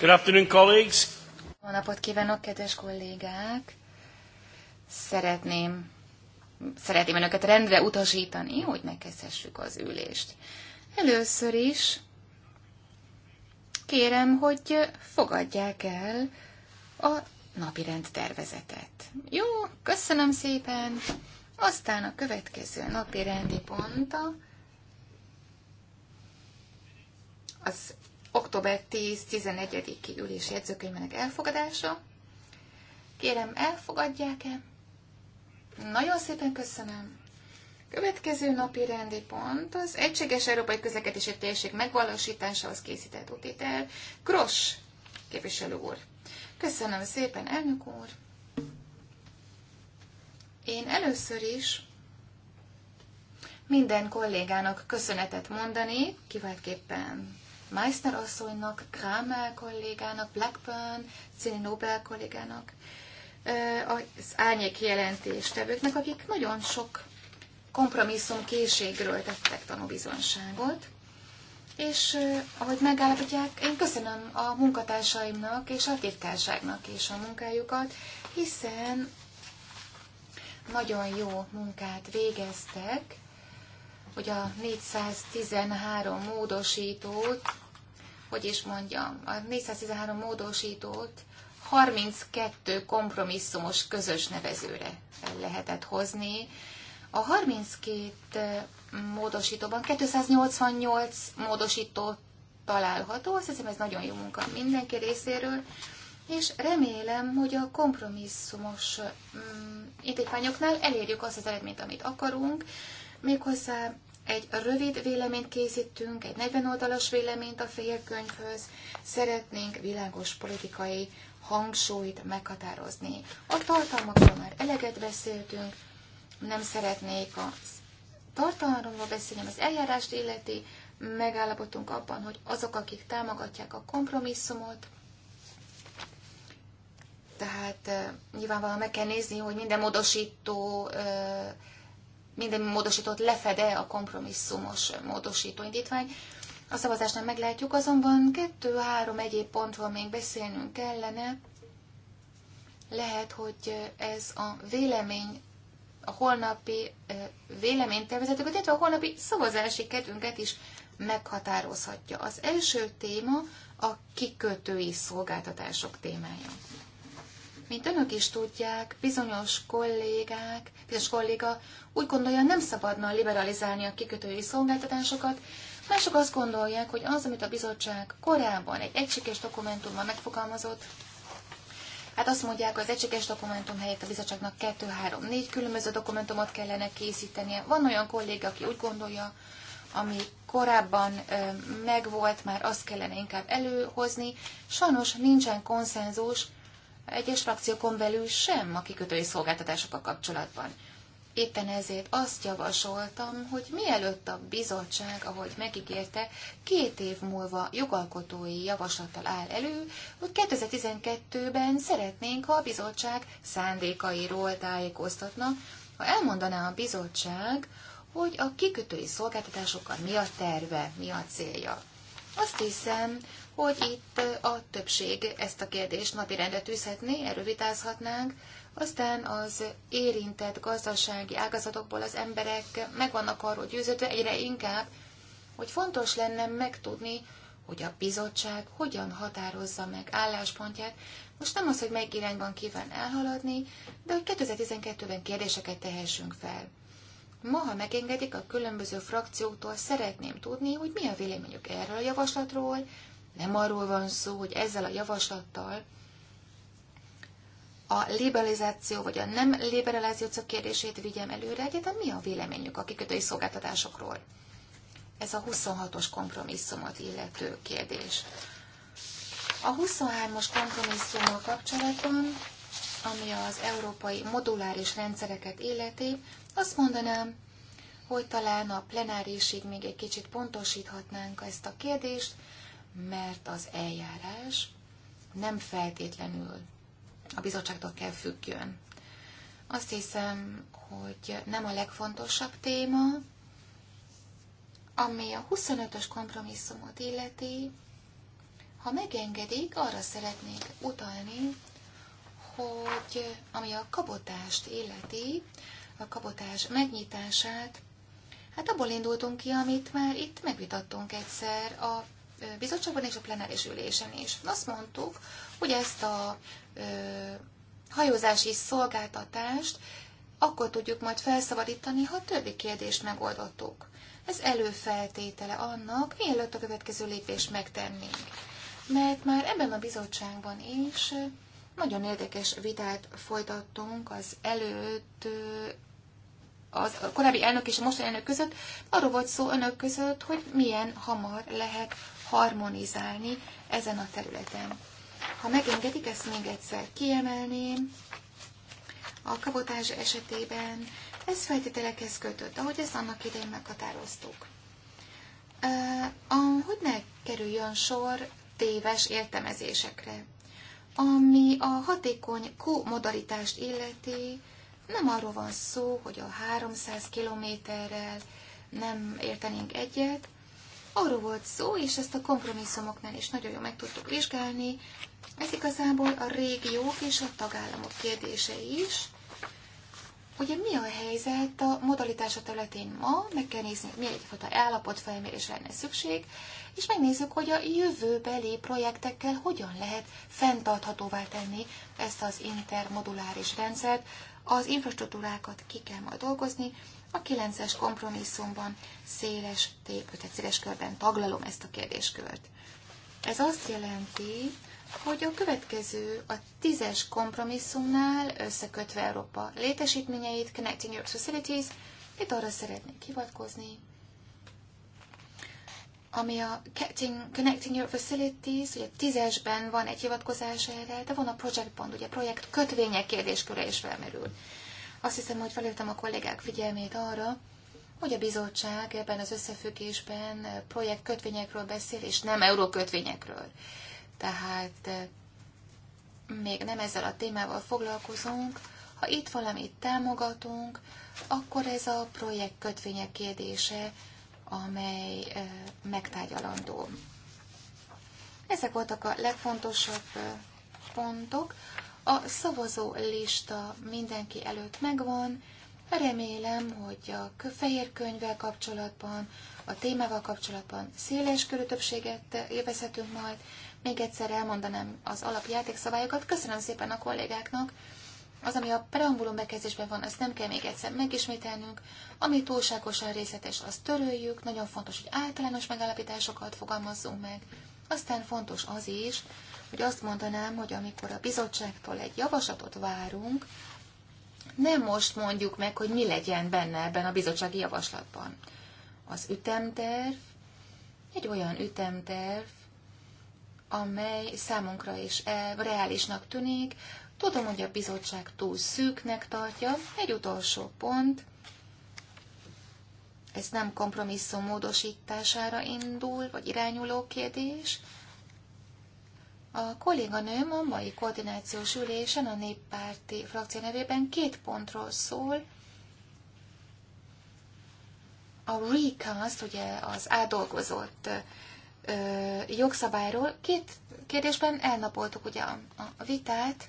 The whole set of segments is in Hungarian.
Good afternoon, colleagues. Jó napot kívánok, kedves kollégák! Szeretném, szeretném önöket rendre utasítani, hogy megkezdhessük az ülést. Először is kérem, hogy fogadják el a napirend tervezetet. Jó, köszönöm szépen! Aztán a következő napi rendi pont az október 10-11-i ülés jegyzőkönyvének elfogadása. Kérem, elfogadják-e? Nagyon szépen köszönöm. Következő napi rendi pont az Egységes Európai Közlekedési Térség megvalósításához készített útétel. Kross, képviselő úr. Köszönöm szépen, elnök úr. Én először is minden kollégának köszönetet mondani, kiváltképpen Meister asszonynak, Kramer kollégának, Blackburn, Cini Nobel kollégának, az árnyék jelentéstevőknek, akik nagyon sok kompromisszum készségről tettek tanúbizonságot. És ahogy megállapítják, én köszönöm a munkatársaimnak és a titkárságnak is a munkájukat, hiszen nagyon jó munkát végeztek, hogy a 413 módosítót, hogy is mondjam, a 413 módosítót 32 kompromisszumos közös nevezőre lehetett hozni. A 32 eh, módosítóban 288 módosító található, azt hiszem ez nagyon jó munka mindenki részéről, és remélem, hogy a kompromisszumos mm, indítványoknál elérjük azt az eredményt, amit akarunk, méghozzá egy rövid véleményt készítünk, egy 40 oldalas véleményt a fehér könyvhöz. Szeretnénk világos politikai hangsúlyt meghatározni. A tartalmakról már eleget beszéltünk, nem szeretnék a tartalomról beszélni, az eljárást illeti, megállapodtunk abban, hogy azok, akik támogatják a kompromisszumot, tehát eh, nyilvánvalóan meg kell nézni, hogy minden módosító eh, minden módosított lefede a kompromisszumos módosító indítvány. A szavazásnál meglátjuk, azonban kettő-három egyéb pontról még beszélnünk kellene. Lehet, hogy ez a vélemény, a holnapi véleménytervezetüket, illetve a holnapi szavazási kedvünket is meghatározhatja. Az első téma a kikötői szolgáltatások témája. Mint önök is tudják, bizonyos kollégák, bizonyos kolléga úgy gondolja, nem szabadna liberalizálni a kikötői szolgáltatásokat, mások azt gondolják, hogy az, amit a bizottság korábban egy egységes dokumentumban megfogalmazott, Hát azt mondják, hogy az egységes dokumentum helyett a bizottságnak 2-3-4 különböző dokumentumot kellene készítenie. Van olyan kolléga, aki úgy gondolja, ami korábban megvolt, már azt kellene inkább előhozni. Sajnos nincsen konszenzus egyes frakciókon belül sem a kikötői szolgáltatásokkal kapcsolatban. Éppen ezért azt javasoltam, hogy mielőtt a bizottság, ahogy megígérte, két év múlva jogalkotói javaslattal áll elő, hogy 2012-ben szeretnénk, ha a bizottság szándékairól tájékoztatna, ha elmondaná a bizottság, hogy a kikötői szolgáltatásokkal mi a terve, mi a célja. Azt hiszem, hogy itt a többség ezt a kérdést rendet tűzhetné, erről vitázhatnánk, aztán az érintett gazdasági ágazatokból az emberek meg vannak arról győződve egyre inkább, hogy fontos lenne megtudni, hogy a bizottság hogyan határozza meg álláspontját, most nem az, hogy melyik irányban kíván elhaladni, de hogy 2012-ben kérdéseket tehessünk fel. Ma, ha megengedik, a különböző frakcióktól szeretném tudni, hogy mi a véleményük erről a javaslatról, nem arról van szó, hogy ezzel a javaslattal a liberalizáció vagy a nem liberalizáció kérdését vigyem előre, egyáltalán mi a véleményük a kikötői szolgáltatásokról? Ez a 26-os kompromisszumot illető kérdés. A 23-as kompromisszummal kapcsolatban, ami az európai moduláris rendszereket illeti, azt mondanám, hogy talán a plenárisig még egy kicsit pontosíthatnánk ezt a kérdést, mert az eljárás nem feltétlenül a bizottságtól kell függjön. Azt hiszem, hogy nem a legfontosabb téma, ami a 25-ös kompromisszumot illeti, ha megengedik, arra szeretnék utalni, hogy ami a kabotást illeti, a kabotás megnyitását, hát abból indultunk ki, amit már itt megvitattunk egyszer a bizottságban és a plenáris ülésen is. Azt mondtuk, hogy ezt a ö, hajózási szolgáltatást akkor tudjuk majd felszabadítani, ha a többi kérdést megoldottuk. Ez előfeltétele annak, mielőtt a következő lépést megtennénk. Mert már ebben a bizottságban is nagyon érdekes vitát folytattunk az előtt az korábbi elnök és a mostani elnök között, arról volt szó önök között, hogy milyen hamar lehet harmonizálni ezen a területen. Ha megengedik, ezt még egyszer kiemelném. A kabotás esetében ez feltételekhez kötött, ahogy ezt annak idején meghatároztuk. Hogy ne kerüljön sor téves értelmezésekre. Ami a hatékony kómodalitást illeti, nem arról van szó, hogy a 300 kilométerrel nem értenénk egyet, Arról volt szó, és ezt a kompromisszumoknál is nagyon jól meg tudtuk vizsgálni. Ez igazából a régiók és a tagállamok kérdése is. Ugye mi a helyzet a modalitása területén ma, meg kell nézni, milyen egyfajta állapotfelmérés lenne szükség, és megnézzük, hogy a jövőbeli projektekkel hogyan lehet fenntarthatóvá tenni ezt az intermoduláris rendszert. Az infrastruktúrákat ki kell majd dolgozni, a kilences kompromisszumban széles, tehát széles körben taglalom ezt a kérdéskört. Ez azt jelenti, hogy a következő, a tízes kompromisszumnál összekötve Európa létesítményeit, Connecting Europe Facilities, itt arra szeretnék hivatkozni, ami a Connecting Your Facilities, ugye tízesben van egy hivatkozás erre, de van a Project Bond, ugye projekt kötvények kérdésköre is felmerül. Azt hiszem, hogy felhívtam a kollégák figyelmét arra, hogy a bizottság ebben az összefüggésben projektkötvényekről beszél, és nem eurókötvényekről. Tehát eh, még nem ezzel a témával foglalkozunk. Ha itt valamit támogatunk, akkor ez a projektkötvények kérdése, amely eh, megtárgyalandó. Ezek voltak a legfontosabb eh, pontok. A szavazó lista mindenki előtt megvan. Remélem, hogy a fehér könyvvel kapcsolatban, a témával kapcsolatban széles körű többséget élvezhetünk majd. Még egyszer elmondanám az alapjátékszabályokat. Köszönöm szépen a kollégáknak. Az, ami a preambulum bekezdésben van, ezt nem kell még egyszer megismételnünk. Ami túlságosan részletes, azt töröljük. Nagyon fontos, hogy általános megállapításokat fogalmazzunk meg. Aztán fontos az is, hogy azt mondanám, hogy amikor a bizottságtól egy javaslatot várunk, nem most mondjuk meg, hogy mi legyen benne ebben a bizottsági javaslatban. Az ütemterv egy olyan ütemterv, amely számunkra is e, reálisnak tűnik, Tudom, hogy a bizottság túl szűknek tartja. Egy utolsó pont. Ez nem kompromisszum módosítására indul, vagy irányuló kérdés, a kolléganőm a mai koordinációs ülésen a néppárti frakció nevében két pontról szól. A recast, ugye az átdolgozott ö, jogszabályról. Két kérdésben elnapoltuk ugye a, a vitát,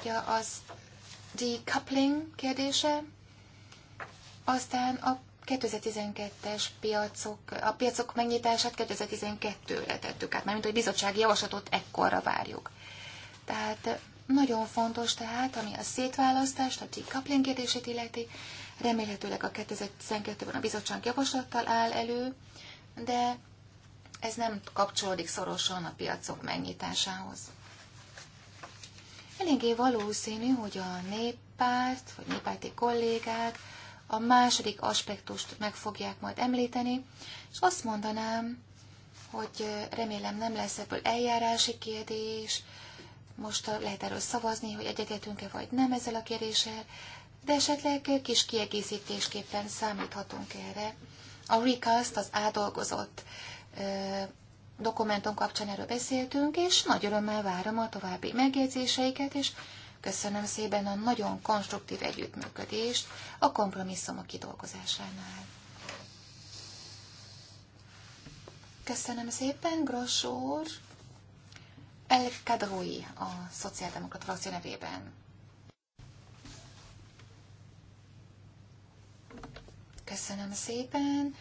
ugye az decoupling kérdése, aztán a 2012-es piacok, a piacok megnyitását 2012-re tettük át, mármint, hogy bizottsági javaslatot ekkorra várjuk. Tehát nagyon fontos tehát, ami a szétválasztást, a decoupling kérdését illeti, remélhetőleg a 2012-ben a bizottság javaslattal áll elő, de ez nem kapcsolódik szorosan a piacok megnyitásához. Eléggé valószínű, hogy a néppárt, vagy néppárti kollégák a második aspektust meg fogják majd említeni, és azt mondanám, hogy remélem nem lesz ebből eljárási kérdés, most lehet erről szavazni, hogy egyetértünk-e vagy nem ezzel a kéréssel, de esetleg kis kiegészítésképpen számíthatunk erre. A recast, az átdolgozott dokumentum kapcsán erről beszéltünk, és nagy örömmel várom a további megjegyzéseiket, és Köszönöm szépen a nagyon konstruktív együttműködést a kompromisszumok kidolgozásánál. Köszönöm szépen, Gross úr. El Kadrui a Szociáldemokrata frakció nevében. Köszönöm szépen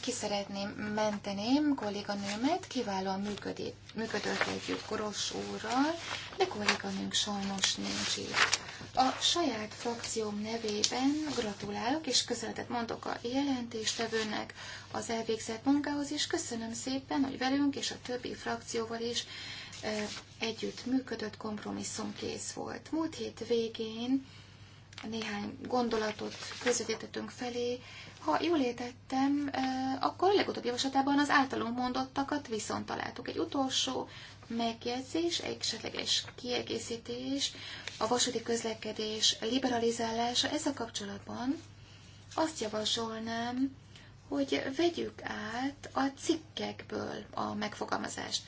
ki szeretném menteném kolléganőmet, kiválóan működik, működött együtt Koros úrral, de kolléganőnk sajnos nincs itt. A saját frakcióm nevében gratulálok és köszönetet mondok a jelentéstevőnek az elvégzett munkához, és köszönöm szépen, hogy velünk és a többi frakcióval is együtt működött kompromisszum kész volt. Múlt hét végén néhány gondolatot közvetítettünk felé. Ha jól értettem, akkor a legutóbb javaslatában az általunk mondottakat viszont találtuk. Egy utolsó megjegyzés, egy esetleges kiegészítés, a vasúti közlekedés liberalizálása ezzel kapcsolatban azt javasolnám, hogy vegyük át a cikkekből a megfogalmazást.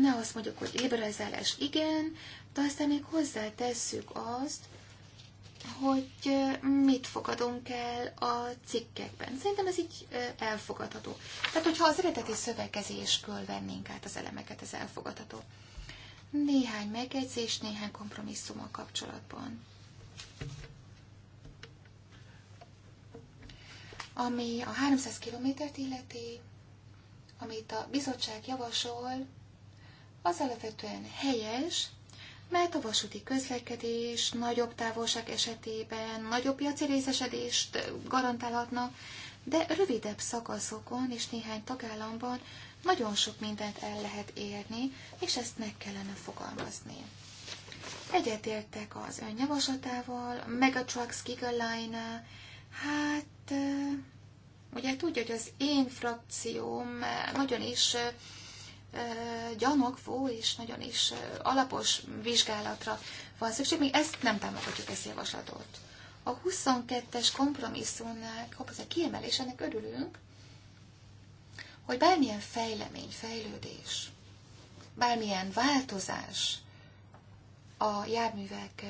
Ne azt mondjuk, hogy liberalizálás igen, de aztán még tesszük azt, hogy mit fogadunk el a cikkekben. Szerintem ez így elfogadható. Tehát, hogyha az eredeti szövegezésből vennénk át az elemeket, ez elfogadható. Néhány megjegyzés, néhány a kapcsolatban. Ami a 300 kilométert illeti, amit a bizottság javasol, az alapvetően helyes, mert a vasúti közlekedés nagyobb távolság esetében nagyobb piaci részesedést garantálhatna, de rövidebb szakaszokon és néhány tagállamban nagyon sok mindent el lehet érni, és ezt meg kellene fogalmazni. Egyetértek az ön javaslatával, Megatrucks Gigaline, hát ugye tudja, hogy az én frakcióm nagyon is gyanokvó és nagyon is alapos vizsgálatra van szükség, mi ezt nem támogatjuk, ezt javaslatot. A 22-es kompromisszumnál, kiemelés, ennek örülünk, hogy bármilyen fejlemény, fejlődés, bármilyen változás a járművek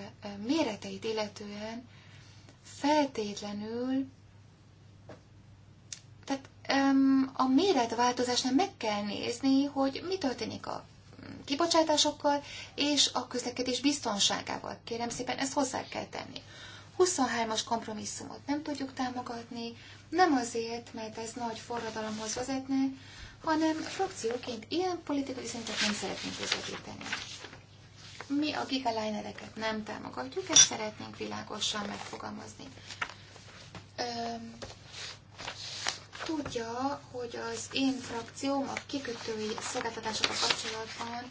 méreteit illetően feltétlenül, tehát a méretváltozásnál meg kell nézni, hogy mi történik a kibocsátásokkal és a közlekedés biztonságával. Kérem szépen, ezt hozzá kell tenni. 23-as kompromisszumot nem tudjuk támogatni, nem azért, mert ez nagy forradalomhoz vezetne, hanem frakcióként ilyen politikai szintet nem szeretnénk közvetíteni. Mi a gigalinereket nem támogatjuk, ezt szeretnénk világosan megfogalmazni. Öm, tudja, hogy az én frakcióm a kikötői szolgáltatásokkal kapcsolatban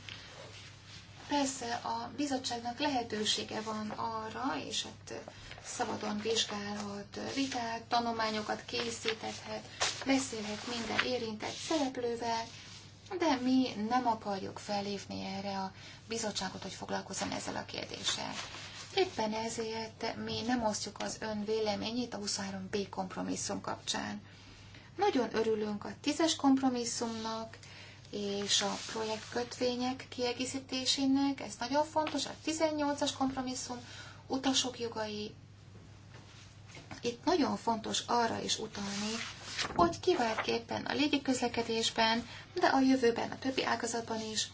persze a bizottságnak lehetősége van arra, és hát szabadon vizsgálhat vitát, tanulmányokat készíthet, beszélhet minden érintett szereplővel, de mi nem akarjuk felhívni erre a bizottságot, hogy foglalkozzon ezzel a kérdéssel. Éppen ezért mi nem osztjuk az ön véleményét a 23B kompromisszum kapcsán. Nagyon örülünk a tízes kompromisszumnak, és a projektkötvények kiegészítésének, ez nagyon fontos, a 18-as kompromisszum, utasok jogai. Itt nagyon fontos arra is utalni, hogy kiváltképpen a közlekedésben, de a jövőben a többi ágazatban is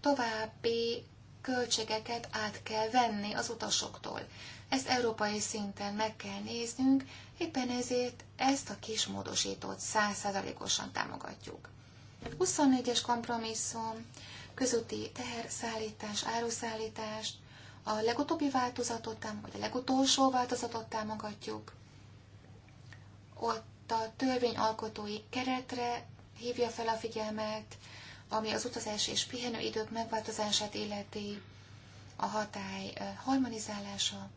további költségeket át kell venni az utasoktól. Ezt európai szinten meg kell néznünk, éppen ezért ezt a kis módosítót százszázalékosan támogatjuk. 24-es kompromisszum, közúti teherszállítás, áruszállítást, a legutóbbi változatot, vagy a legutolsó változatot támogatjuk. Ott a törvényalkotói keretre hívja fel a figyelmet, ami az utazás és pihenőidők megváltozását illeti, a hatály eh, harmonizálása,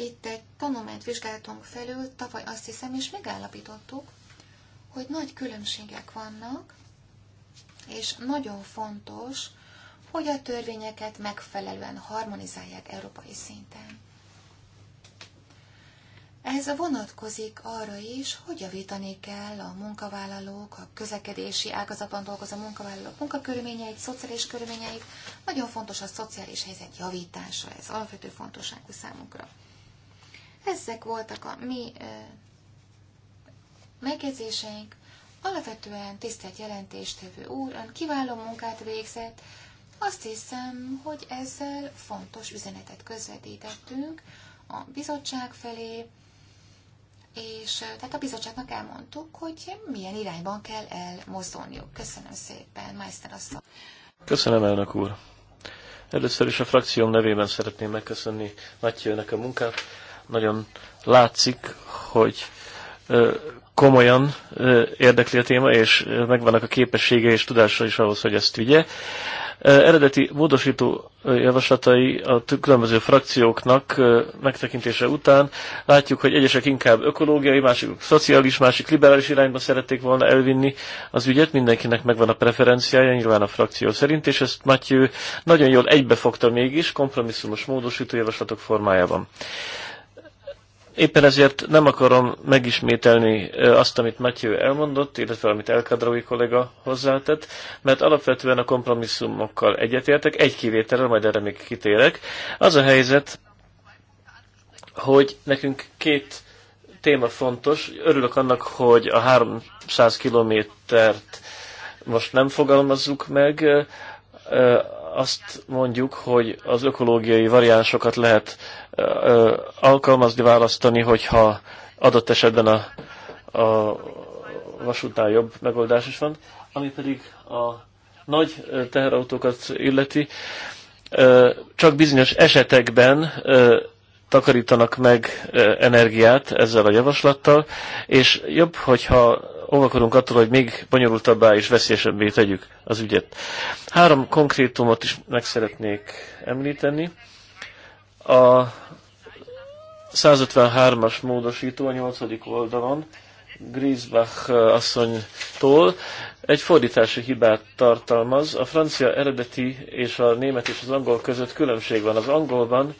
Itt egy tanulmányt vizsgáltunk felül, tavaly azt hiszem, és megállapítottuk, hogy nagy különbségek vannak, és nagyon fontos, hogy a törvényeket megfelelően harmonizálják európai szinten. Ez vonatkozik arra is, hogy javítani kell a munkavállalók, a közlekedési ágazatban dolgozó munkavállalók munkakörülményeit, szociális körülményeit. Nagyon fontos a szociális helyzet javítása, ez alapvető fontosságú számunkra. Ezek voltak a mi megjegyzéseink. Alapvetően tisztelt jelentéstevő úr, ön kiváló munkát végzett. Azt hiszem, hogy ezzel fontos üzenetet közvetítettünk a bizottság felé, és tehát a bizottságnak elmondtuk, hogy milyen irányban kell elmozdulniuk. Köszönöm szépen, Meister asszony. Köszönöm, elnök úr. Először is a frakcióm nevében szeretném megköszönni Matyőnek a munkát nagyon látszik, hogy komolyan érdekli a téma, és megvannak a képessége és tudása is ahhoz, hogy ezt vigye. Eredeti módosító javaslatai a különböző frakcióknak megtekintése után látjuk, hogy egyesek inkább ökológiai, másik szociális, másik liberális irányba szerették volna elvinni az ügyet. Mindenkinek megvan a preferenciája, nyilván a frakció szerint, és ezt Matyő nagyon jól egybefogta mégis kompromisszumos módosító javaslatok formájában. Éppen ezért nem akarom megismételni azt, amit Matthew elmondott, illetve amit Elkadraui kollega hozzátett, mert alapvetően a kompromisszumokkal egyetértek, egy kivételre, majd erre még kitérek. Az a helyzet, hogy nekünk két téma fontos. Örülök annak, hogy a 300 kilométert most nem fogalmazzuk meg, azt mondjuk, hogy az ökológiai variánsokat lehet ö, alkalmazni, választani, hogyha adott esetben a, a vasútnál jobb megoldás is van, ami pedig a nagy teherautókat illeti, ö, csak bizonyos esetekben ö, takarítanak meg energiát ezzel a javaslattal, és jobb, hogyha óvakodunk attól, hogy még bonyolultabbá és veszélyesebbé tegyük az ügyet. Három konkrétumot is meg szeretnék említeni. A 153-as módosító a 8. oldalon Griesbach asszonytól egy fordítási hibát tartalmaz. A francia eredeti és a német és az angol között különbség van. Az angolban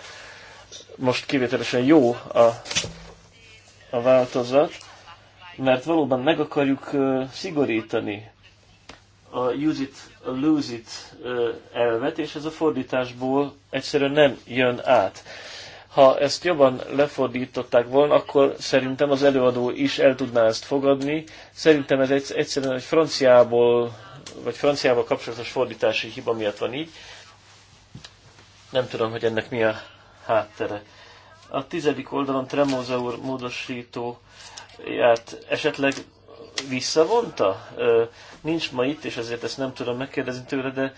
most kivételesen jó a, a változat, mert valóban meg akarjuk szigorítani a use it, a lose it elvet, és ez a fordításból egyszerűen nem jön át. Ha ezt jobban lefordították volna, akkor szerintem az előadó is el tudná ezt fogadni. Szerintem ez egyszerűen egy franciából, vagy franciával kapcsolatos fordítási hiba miatt van így. Nem tudom, hogy ennek mi a háttere. A tizedik oldalon Tremóza úr módosítóját esetleg visszavonta? Nincs ma itt, és ezért ezt nem tudom megkérdezni tőle, de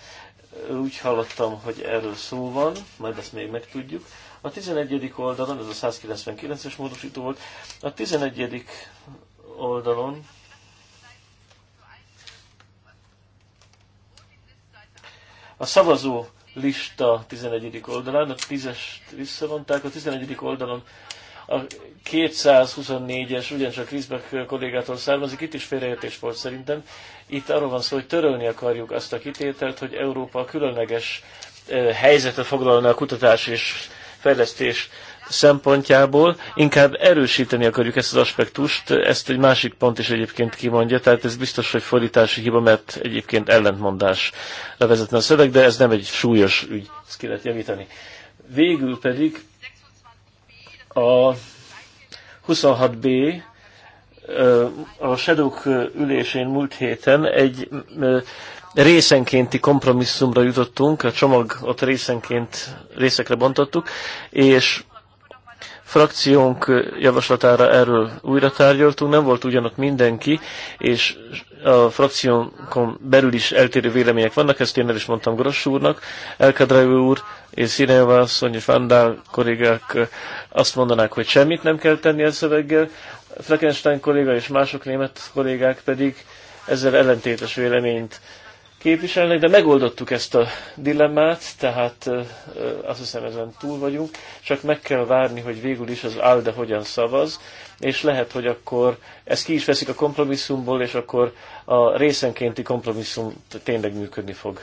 úgy hallottam, hogy erről szó van, majd ezt még megtudjuk. A 11. oldalon, ez a 199-es módosító volt, a 11. oldalon a szavazó lista 11. oldalán, a 10-est visszavonták, a 11. oldalon a 224-es ugyancsak Rizbek kollégától származik, itt is félreértés volt szerintem. Itt arról van szó, hogy törölni akarjuk azt a kitételt, hogy Európa különleges eh, helyzetet foglalna a kutatás és fejlesztés szempontjából inkább erősíteni akarjuk ezt az aspektust, ezt egy másik pont is egyébként kimondja, tehát ez biztos, hogy fordítási hiba, mert egyébként ellentmondás levezetne a szöveg, de ez nem egy súlyos ügy, ezt ki lehet javítani. Végül pedig a 26B a Shadowk ülésén múlt héten egy részenkénti kompromisszumra jutottunk, a csomagot részenként részekre bontottuk, és frakciónk javaslatára erről újra tárgyaltunk, nem volt ugyanott mindenki, és a frakciónkon belül is eltérő vélemények vannak, ezt én el is mondtam Gross úrnak, Elkadrajú úr és Színejova asszony Fandál kollégák azt mondanák, hogy semmit nem kell tenni a szöveggel, Fleckenstein kolléga és mások német kollégák pedig ezzel ellentétes véleményt képviselnek, de megoldottuk ezt a dilemmát, tehát azt hiszem ezen túl vagyunk, csak meg kell várni, hogy végül is az ALDE hogyan szavaz, és lehet, hogy akkor ezt ki is veszik a kompromisszumból, és akkor a részenkénti kompromisszum tényleg működni fog.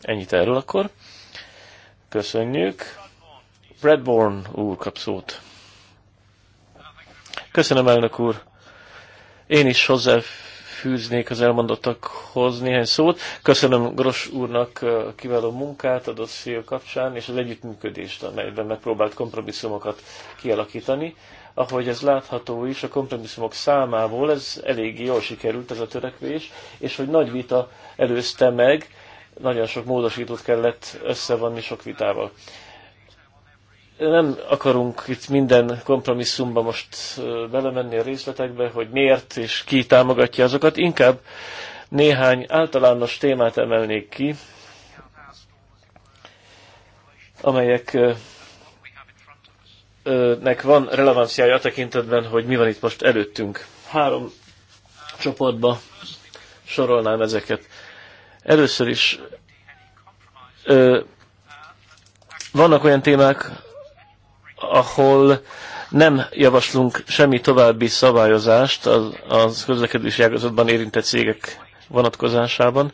Ennyit erről akkor. Köszönjük. Bradborn úr kap szót. Köszönöm, elnök úr. Én is hozzá fűznék az elmondottakhoz néhány szót. Köszönöm Gros úrnak a kiváló munkát a dosszió kapcsán, és az együttműködést, amelyben megpróbált kompromisszumokat kialakítani. Ahogy ez látható is, a kompromisszumok számából ez elég jól sikerült ez a törekvés, és hogy nagy vita előzte meg, nagyon sok módosítót kellett összevonni sok vitával nem akarunk itt minden kompromisszumba most belemenni a részletekbe, hogy miért és ki támogatja azokat, inkább néhány általános témát emelnék ki, amelyeknek van relevanciája a tekintetben, hogy mi van itt most előttünk. Három csoportba sorolnám ezeket. Először is ö, vannak olyan témák, ahol nem javaslunk semmi további szabályozást az, az közlekedési ágazatban érintett cégek vonatkozásában,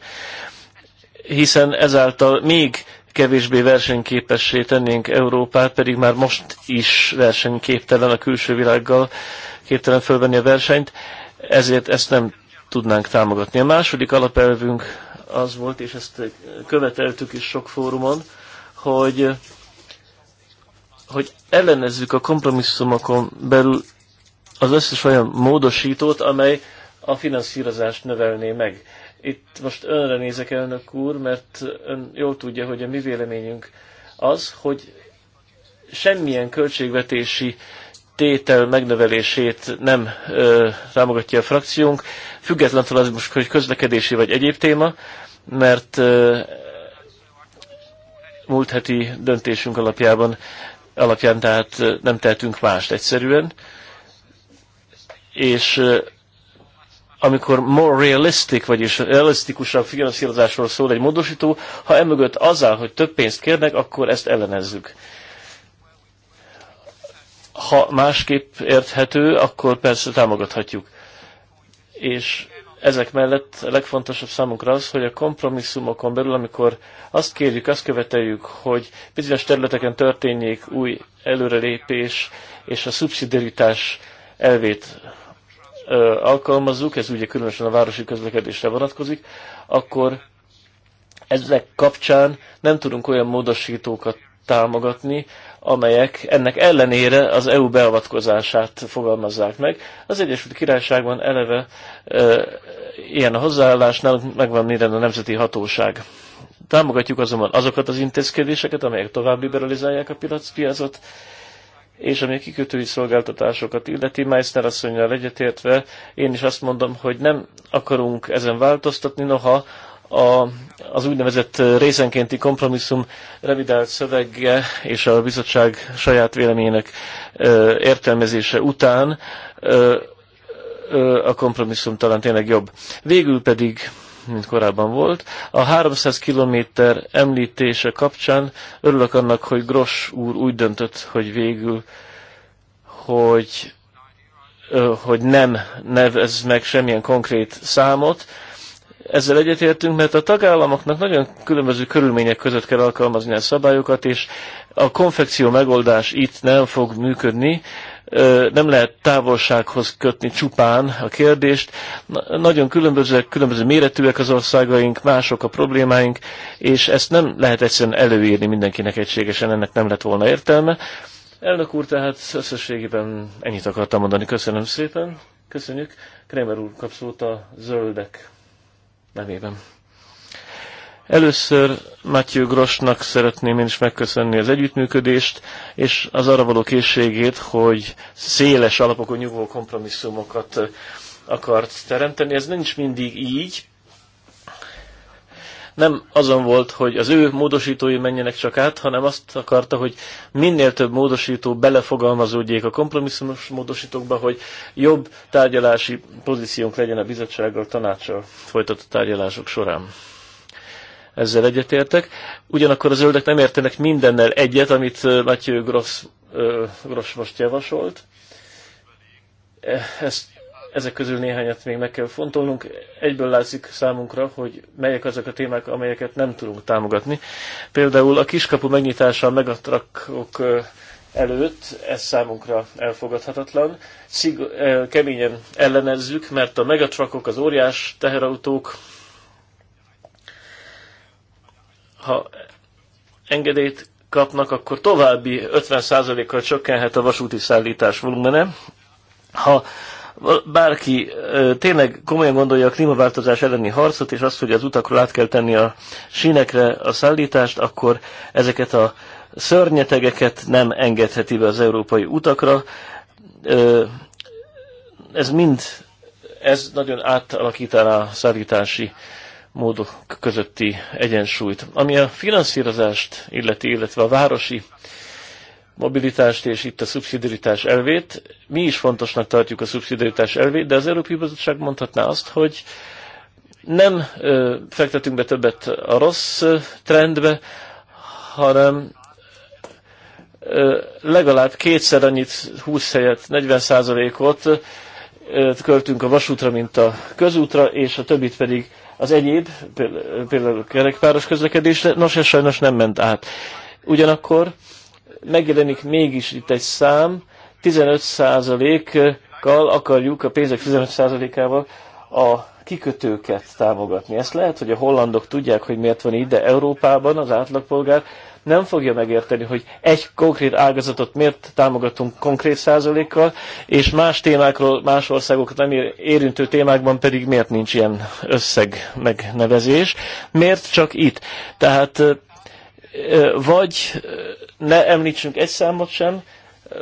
hiszen ezáltal még kevésbé versenyképessé tennénk Európát, pedig már most is versenyképtelen a külső világgal, képtelen fölvenni a versenyt, ezért ezt nem tudnánk támogatni. A második alapelvünk az volt, és ezt követeltük is sok fórumon, hogy hogy ellenezzük a kompromisszumokon belül az összes olyan módosítót, amely a finanszírozást növelné meg. Itt most önre nézek, elnök úr, mert ön jól tudja, hogy a mi véleményünk az, hogy semmilyen költségvetési tétel megnövelését nem ö, támogatja a frakciónk, függetlenül az most, hogy közlekedési vagy egyéb téma, mert ö, múlt heti döntésünk alapjában alapján tehát nem tehetünk mást egyszerűen. És amikor more realistic, vagyis realisztikusabb finanszírozásról szól egy módosító, ha emögött áll, hogy több pénzt kérnek, akkor ezt ellenezzük. Ha másképp érthető, akkor persze támogathatjuk. És ezek mellett a legfontosabb számunkra az, hogy a kompromisszumokon belül, amikor azt kérjük, azt követeljük, hogy bizonyos területeken történjék új előrelépés, és a szubszidiaritás elvét ö, alkalmazzuk, ez ugye különösen a városi közlekedésre vonatkozik, akkor ezek kapcsán nem tudunk olyan módosítókat támogatni, amelyek ennek ellenére az EU beavatkozását fogalmazzák meg. Az Egyesült Királyságban eleve e, ilyen a hozzáállás, nálunk megvan minden a nemzeti hatóság. Támogatjuk azonban azokat az intézkedéseket, amelyek tovább liberalizálják a piacot, és ami a kikötői szolgáltatásokat illeti, Meissner asszonynal egyetértve, én is azt mondom, hogy nem akarunk ezen változtatni, noha a, az úgynevezett részenkénti kompromisszum revidált szövege és a bizottság saját véleményének ö, értelmezése után ö, ö, a kompromisszum talán tényleg jobb. Végül pedig mint korábban volt. A 300 kilométer említése kapcsán örülök annak, hogy Gross úr úgy döntött, hogy végül, hogy, hogy nem nevez meg semmilyen konkrét számot, ezzel egyetértünk, mert a tagállamoknak nagyon különböző körülmények között kell alkalmazni a szabályokat, és a konfekció megoldás itt nem fog működni, nem lehet távolsághoz kötni csupán a kérdést. Nagyon különbözőek, különböző méretűek az országaink, mások a problémáink, és ezt nem lehet egyszerűen előírni mindenkinek egységesen, ennek nem lett volna értelme. Elnök úr, tehát összességében ennyit akartam mondani. Köszönöm szépen. Köszönjük. Krémer úr kap szót a zöldek nevében. Először Matthew Grossnak szeretném én is megköszönni az együttműködést, és az arra való készségét, hogy széles alapokon nyugvó kompromisszumokat akart teremteni. Ez nincs mindig így, nem azon volt, hogy az ő módosítói menjenek csak át, hanem azt akarta, hogy minél több módosító belefogalmazódjék a kompromisszumos módosítókba, hogy jobb tárgyalási pozíciónk legyen a bizottsággal, tanácssal folytatott tárgyalások során ezzel egyetértek. Ugyanakkor a zöldek nem értenek mindennel egyet, amit Matthew Gross, Gross most javasolt. E, ezt ezek közül néhányat még meg kell fontolnunk. Egyből látszik számunkra, hogy melyek azok a témák, amelyeket nem tudunk támogatni. Például a kiskapu megnyitása a megatrakok előtt, ez számunkra elfogadhatatlan. Szig- keményen ellenezzük, mert a megatrakok, az óriás teherautók, ha engedélyt kapnak, akkor további 50%-kal csökkenhet a vasúti szállítás volumene. Ha bárki tényleg komolyan gondolja a klímaváltozás elleni harcot, és azt, hogy az utakról át kell tenni a sínekre a szállítást, akkor ezeket a szörnyetegeket nem engedheti be az európai utakra. Ez mind, ez nagyon átalakítaná a szállítási módok közötti egyensúlyt. Ami a finanszírozást illeti, illetve a városi mobilitást és itt a szubszidiaritás elvét. Mi is fontosnak tartjuk a szubszidiaritás elvét, de az Európai Bizottság mondhatná azt, hogy nem ö, fektetünk be többet a rossz ö, trendbe, hanem ö, legalább kétszer annyit, 20 helyet, 40 százalékot költünk a vasútra, mint a közútra, és a többit pedig az egyéb, például kerekpáros közlekedésre, nos, ez sajnos nem ment át. Ugyanakkor megjelenik mégis itt egy szám, 15%-kal akarjuk, a pénzek 15%-ával a kikötőket támogatni. Ezt lehet, hogy a hollandok tudják, hogy miért van ide Európában az átlagpolgár, nem fogja megérteni, hogy egy konkrét ágazatot miért támogatunk konkrét százalékkal, és más témákról, más országokat nem érintő témákban pedig miért nincs ilyen összeg megnevezés. Miért csak itt? Tehát vagy ne említsünk egy számot sem,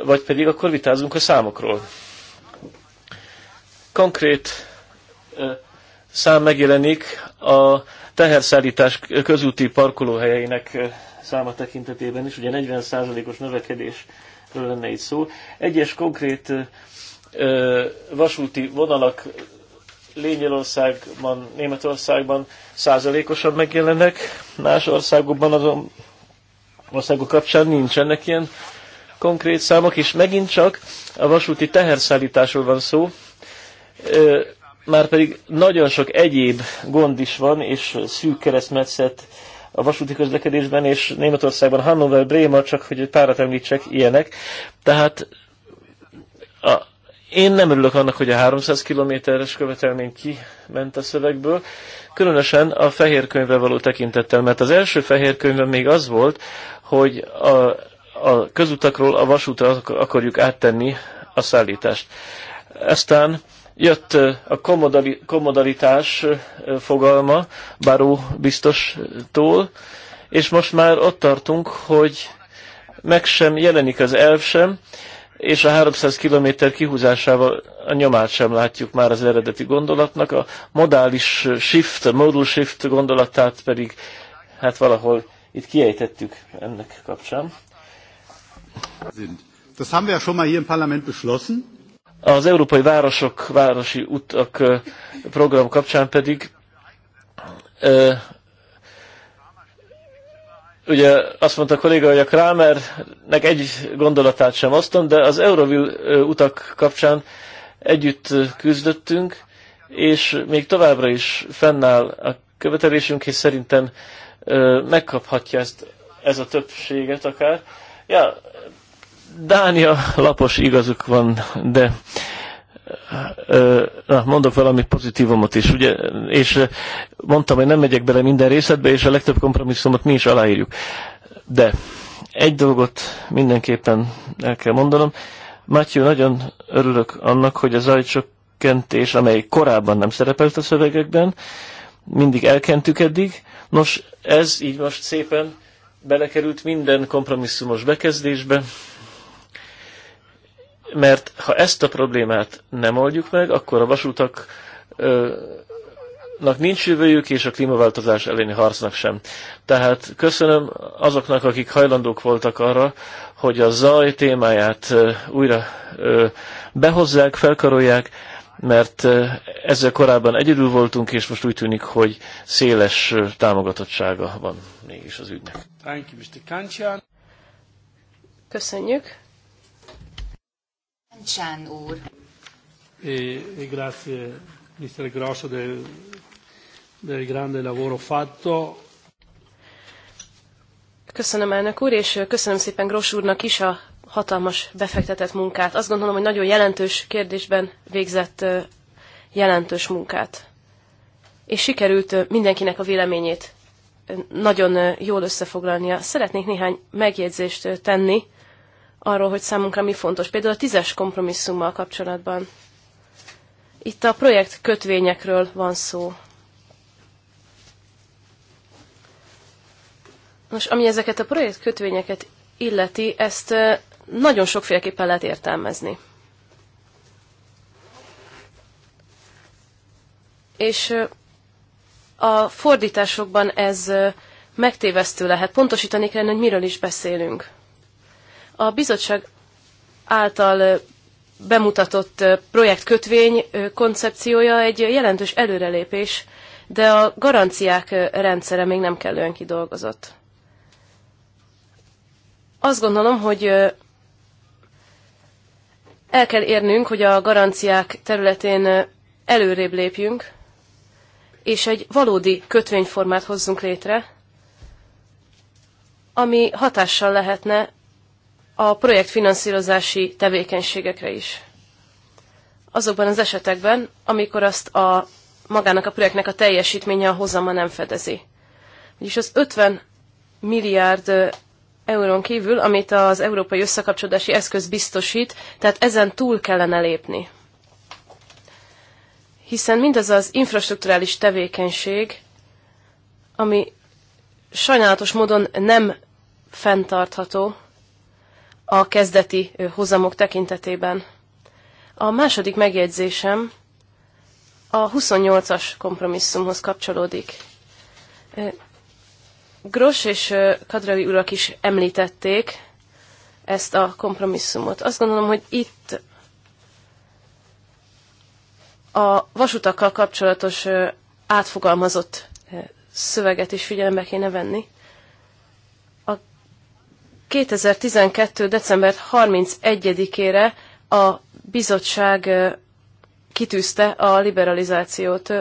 vagy pedig akkor vitázunk a számokról. Konkrét szám megjelenik a teherszállítás közúti parkolóhelyeinek száma tekintetében is, ugye 40%-os növekedésről lenne itt szó. Egyes konkrét vasúti vonalak Lényelországban, Németországban százalékosan megjelennek, más országokban azon országok kapcsán nincsenek ilyen konkrét számok, és megint csak a vasúti teherszállításról van szó, már pedig nagyon sok egyéb gond is van, és szűk keresztmetszet a vasúti közlekedésben, és Németországban Hannover, Bremer, csak hogy egy párat említsek, ilyenek. Tehát a, én nem örülök annak, hogy a 300 kilométeres követelmény kiment a szövegből, különösen a fehér való tekintettel, mert az első fehér könyvben még az volt, hogy a, a közutakról a vasútra akarjuk áttenni a szállítást. Aztán jött a komodali, komodalitás fogalma Baró biztostól, és most már ott tartunk, hogy meg sem jelenik az elv sem, és a 300 km kihúzásával a nyomát sem látjuk már az eredeti gondolatnak, a modális shift, a modul shift gondolatát pedig hát valahol itt kiejtettük ennek kapcsán. Das haben wir ja schon mal hier im Parlament beschlossen. Az Európai Városok, Városi Utak program kapcsán pedig ö, ugye azt mondta a kolléga, hogy a Kramernek egy gondolatát sem osztom, de az Euróvil utak kapcsán együtt küzdöttünk, és még továbbra is fennáll a követelésünk, és szerintem megkaphatja ezt ez a többséget akár. Ja, Dánia lapos igazuk van, de na, mondok valami pozitívomat is, ugye, és mondtam, hogy nem megyek bele minden részletbe, és a legtöbb kompromisszumot mi is aláírjuk. De egy dolgot mindenképpen el kell mondanom. Mátyú, nagyon örülök annak, hogy a zajcsökkentés, amely korábban nem szerepelt a szövegekben, mindig elkentük eddig. Nos, ez így most szépen belekerült minden kompromisszumos bekezdésbe, mert ha ezt a problémát nem oldjuk meg, akkor a vasutaknak nincs jövőjük, és a klímaváltozás elleni harcnak sem. Tehát köszönöm azoknak, akik hajlandók voltak arra, hogy a zaj témáját újra behozzák, felkarolják, mert ezzel korábban egyedül voltunk, és most úgy tűnik, hogy széles támogatottsága van mégis az ügynek. Thank you, Mr. Kancsán. Köszönjük. Kancsán úr. E, e grazie, Mr. Grosso, del, del grande lavoro fatto. Köszönöm elnök úr, és köszönöm szépen Gross úrnak is a hatalmas befektetett munkát. Azt gondolom, hogy nagyon jelentős kérdésben végzett jelentős munkát. És sikerült mindenkinek a véleményét nagyon jól összefoglalnia. Szeretnék néhány megjegyzést tenni arról, hogy számunkra mi fontos. Például a tízes kompromisszummal kapcsolatban. Itt a projekt kötvényekről van szó. Nos, ami ezeket a projekt kötvényeket illeti, ezt nagyon sokféleképpen lehet értelmezni. És a fordításokban ez megtévesztő lehet. Pontosítani kellene, hogy miről is beszélünk. A bizottság által bemutatott projektkötvény koncepciója egy jelentős előrelépés, de a garanciák rendszere még nem kellően kidolgozott. Azt gondolom, hogy el kell érnünk, hogy a garanciák területén előrébb lépjünk, és egy valódi kötvényformát hozzunk létre, ami hatással lehetne a projektfinanszírozási tevékenységekre is. Azokban az esetekben, amikor azt a magának a projektnek a teljesítménye a hozama nem fedezi. Vagyis az 50 milliárd eurón kívül, amit az európai összekapcsolódási eszköz biztosít, tehát ezen túl kellene lépni. Hiszen mindaz az infrastruktúrális tevékenység, ami sajnálatos módon nem fenntartható a kezdeti hozamok tekintetében. A második megjegyzésem a 28-as kompromisszumhoz kapcsolódik. Gros és Kadravi urak is említették ezt a kompromisszumot. Azt gondolom, hogy itt a vasutakkal kapcsolatos átfogalmazott szöveget is figyelembe kéne venni. A 2012. december 31-ére a bizottság kitűzte a liberalizációt.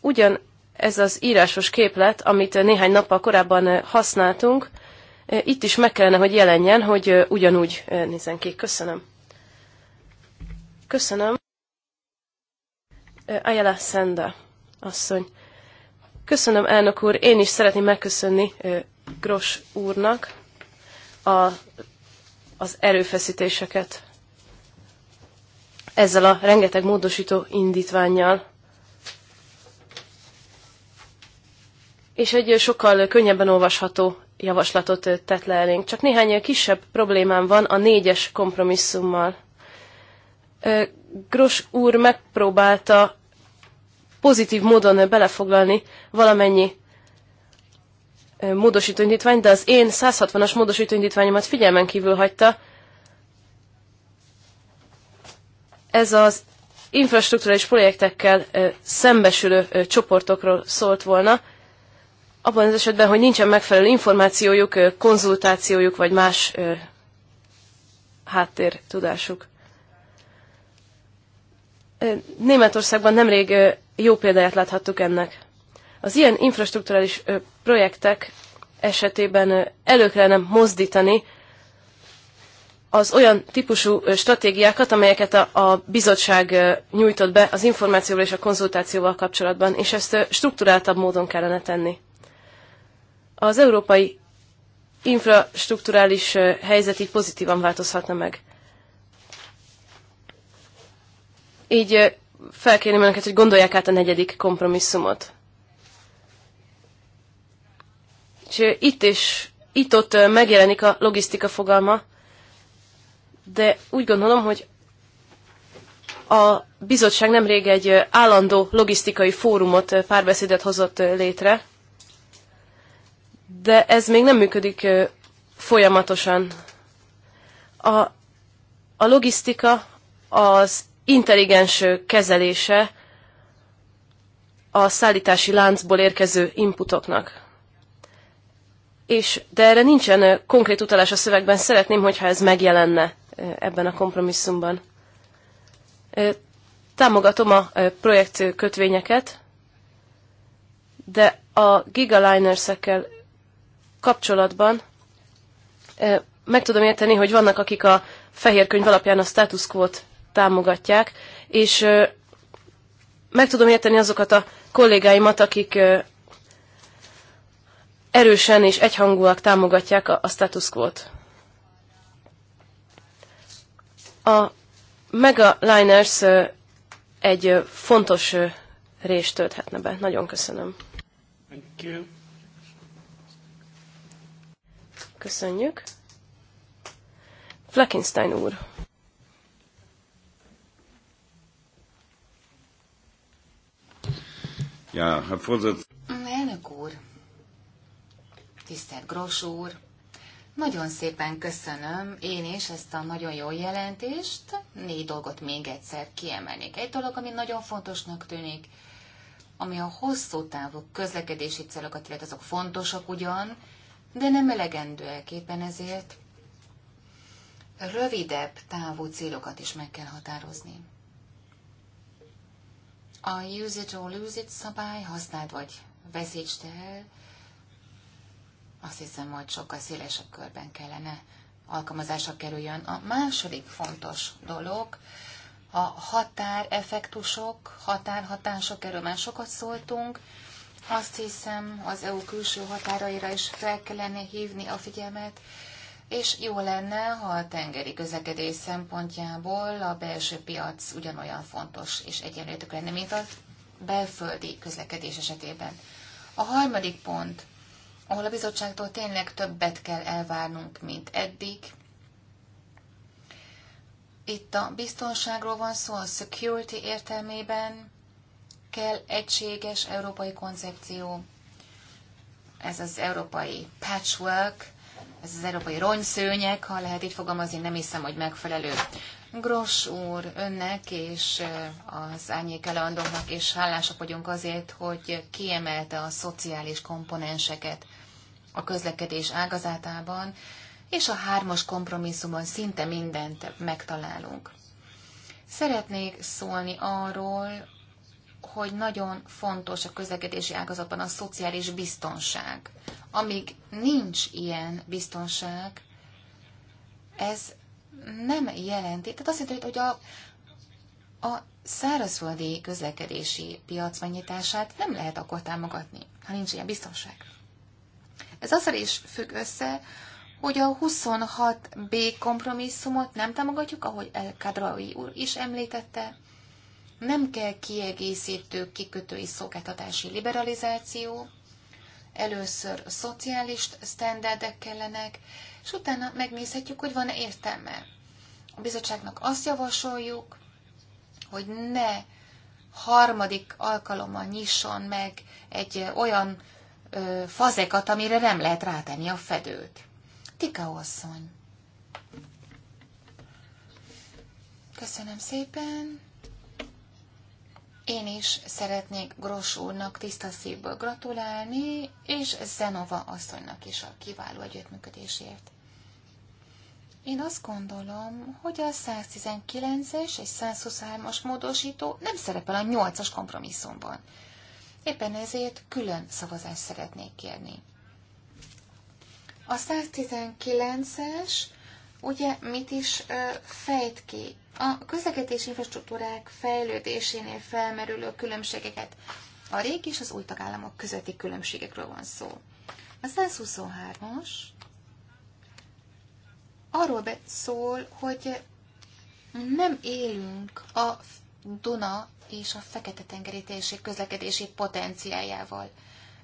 Ugyan ez az írásos képlet, amit néhány nappal korábban használtunk, itt is meg kellene, hogy jelenjen, hogy ugyanúgy nézzen ki. Köszönöm. Köszönöm. Ayala Senda asszony. Köszönöm, elnök úr. Én is szeretném megköszönni Gros úrnak a, az erőfeszítéseket ezzel a rengeteg módosító indítványjal. és egy sokkal könnyebben olvasható javaslatot tett le elénk. Csak néhány kisebb problémám van a négyes kompromisszummal. Gros úr megpróbálta pozitív módon belefoglalni valamennyi módosítóindítványt, de az én 160-as módosítóindítványomat figyelmen kívül hagyta. Ez az infrastruktúrális projektekkel szembesülő csoportokról szólt volna, abban az esetben, hogy nincsen megfelelő információjuk, konzultációjuk, vagy más háttértudásuk. Németországban nemrég jó példáját láthattuk ennek. Az ilyen infrastruktúrális projektek esetében elő kellene mozdítani az olyan típusú stratégiákat, amelyeket a, bizottság nyújtott be az információval és a konzultációval kapcsolatban, és ezt strukturáltabb módon kellene tenni. Az európai infrastruktúrális helyzet így pozitívan változhatna meg. Így felkérném önöket, hogy gondolják át a negyedik kompromisszumot. És itt és itt-ott megjelenik a logisztika fogalma, de úgy gondolom, hogy a bizottság nemrég egy állandó logisztikai fórumot, párbeszédet hozott létre, de ez még nem működik folyamatosan. A, a logisztika, az intelligens kezelése a szállítási láncból érkező inputoknak. És, de erre nincsen konkrét utalás a szövegben, szeretném, hogyha ez megjelenne ebben a kompromisszumban. Támogatom a projekt kötvényeket, de a gigaliners-ekkel kapcsolatban meg tudom érteni, hogy vannak, akik a fehér könyv alapján a status quo-t támogatják, és meg tudom érteni azokat a kollégáimat, akik erősen és egyhangúak támogatják a status quo-t. A Mega Liners egy fontos részt tölthetne be. Nagyon köszönöm. Thank you. Köszönjük. Fleckenstein úr. Ja, Herr Vorsitz. Elnök úr, tisztelt Gross úr, nagyon szépen köszönöm én is ezt a nagyon jó jelentést. Négy dolgot még egyszer kiemelnék. Egy dolog, ami nagyon fontosnak tűnik, ami a hosszú távú közlekedési célokat, illetve azok fontosak ugyan, de nem elegendőek éppen ezért. Rövidebb távú célokat is meg kell határozni. A use it or lose it szabály használd vagy veszítsd el, azt hiszem, hogy sokkal szélesebb körben kellene alkalmazásra kerüljön. A második fontos dolog, a effektusok határhatások, erről már sokat szóltunk, azt hiszem, az EU külső határaira is fel kellene hívni a figyelmet, és jó lenne, ha a tengeri közlekedés szempontjából a belső piac ugyanolyan fontos és egyenlőtök lenne, mint a belföldi közlekedés esetében. A harmadik pont, ahol a bizottságtól tényleg többet kell elvárnunk, mint eddig, itt a biztonságról van szó, a security értelmében, kell egységes európai koncepció. Ez az európai patchwork, ez az európai ronyszőnyek, ha lehet így fogalmazni, nem hiszem, hogy megfelelő. Gros úr, önnek és az Ányék elandóknak és hálásak vagyunk azért, hogy kiemelte a szociális komponenseket a közlekedés ágazatában, és a hármas kompromisszumon szinte mindent megtalálunk. Szeretnék szólni arról, hogy nagyon fontos a közlekedési ágazatban a szociális biztonság. Amíg nincs ilyen biztonság, ez nem jelenti. Tehát azt jelenti, hogy a, a szárazföldi közlekedési piac megnyitását nem lehet akkor támogatni, ha nincs ilyen biztonság. Ez azzal is függ össze, hogy a 26B kompromisszumot nem támogatjuk, ahogy El Kadraui úr is említette, nem kell kiegészítő kikötői szolgáltatási liberalizáció, először szociális sztenderdek kellenek, és utána megnézhetjük, hogy van-e értelme. A bizottságnak azt javasoljuk, hogy ne harmadik alkalommal nyisson meg egy olyan ö, fazekat, amire nem lehet rátenni a fedőt. Tika asszony. Köszönöm szépen. Én is szeretnék Gros úrnak tiszta szívből gratulálni, és Zenova asszonynak is a kiváló együttműködésért. Én azt gondolom, hogy a 119-es és 123-as módosító nem szerepel a 8-as kompromisszumban. Éppen ezért külön szavazást szeretnék kérni. A 119-es ugye mit is ö, fejt ki? a közlekedési infrastruktúrák fejlődésénél felmerülő különbségeket, a régi és az új tagállamok közötti különbségekről van szó. A 123-as arról szól, hogy nem élünk a Duna és a Fekete-tengeri térség közlekedési potenciájával.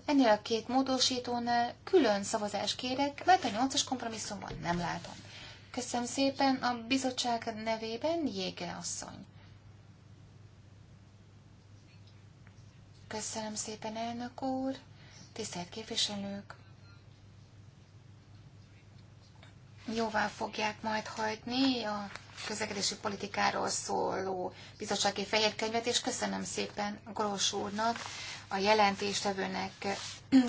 Ennél a két módosítónál külön szavazás kérek, mert a 8-as kompromisszumban nem látom. Köszönöm szépen a bizottság nevében, Jége asszony. Köszönöm szépen, elnök úr, tisztelt képviselők. Jóvá fogják majd hagyni a közlekedési politikáról szóló bizottsági fehérkönyvet, és köszönöm szépen Gross úrnak, a jelentéstevőnek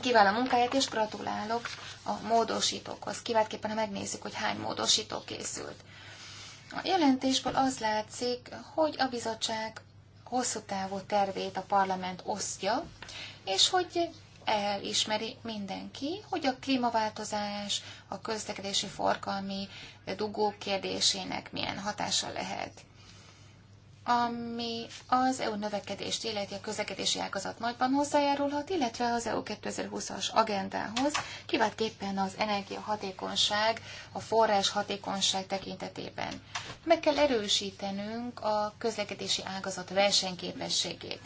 kiváló munkáját, és gratulálok a módosítókhoz. Kiváltképpen, ha megnézzük, hogy hány módosító készült. A jelentésből az látszik, hogy a bizottság hosszú távú tervét a parlament osztja, és hogy elismeri mindenki, hogy a klímaváltozás a közlekedési forgalmi dugó kérdésének milyen hatása lehet ami az EU növekedést illeti a közlekedési ágazat nagyban hozzájárulhat, illetve az EU 2020-as agendához, kiváltképpen az energiahatékonyság, a forrás hatékonyság tekintetében. Meg kell erősítenünk a közlekedési ágazat versenyképességét.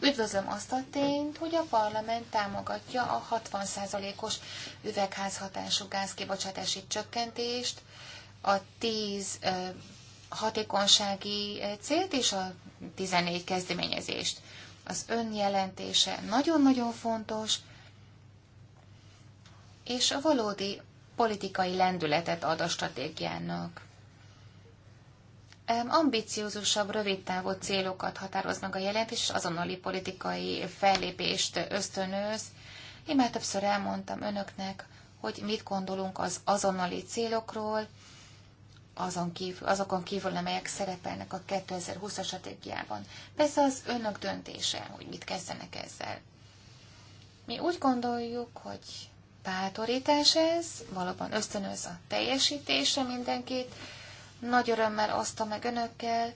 Üdvözlöm azt a tényt, hogy a parlament támogatja a 60%-os üvegházhatású gázkibocsátási csökkentést, a 10 hatékonysági eh, célt és a 14 kezdeményezést. Az önjelentése nagyon-nagyon fontos, és a valódi politikai lendületet ad a stratégiának. Ambiciózusabb, rövidtávú célokat határoznak a jelentés, és azonnali politikai fellépést ösztönöz. Én már többször elmondtam önöknek, hogy mit gondolunk az azonnali célokról, azon kívül, azokon kívül, amelyek szerepelnek a 2020-as stratégiában. Persze az önök döntése, hogy mit kezdenek ezzel. Mi úgy gondoljuk, hogy bátorítás ez, valóban ösztönöz a teljesítése mindenkit. Nagy örömmel osztom meg önökkel,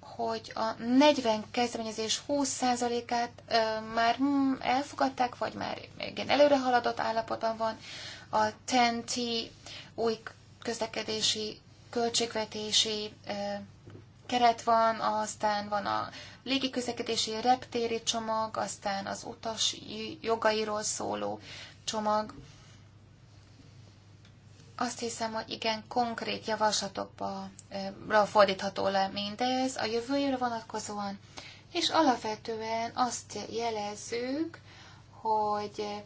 hogy a 40 kezdeményezés 20%-át már elfogadták, vagy már igen, előre haladott állapotban van. A TNT új közlekedési költségvetési keret van, aztán van a légiközlekedési reptéri csomag, aztán az utas jogairól szóló csomag. Azt hiszem, hogy igen, konkrét javaslatokra fordítható le mindez a jövőjére vonatkozóan, és alapvetően azt jelezzük, hogy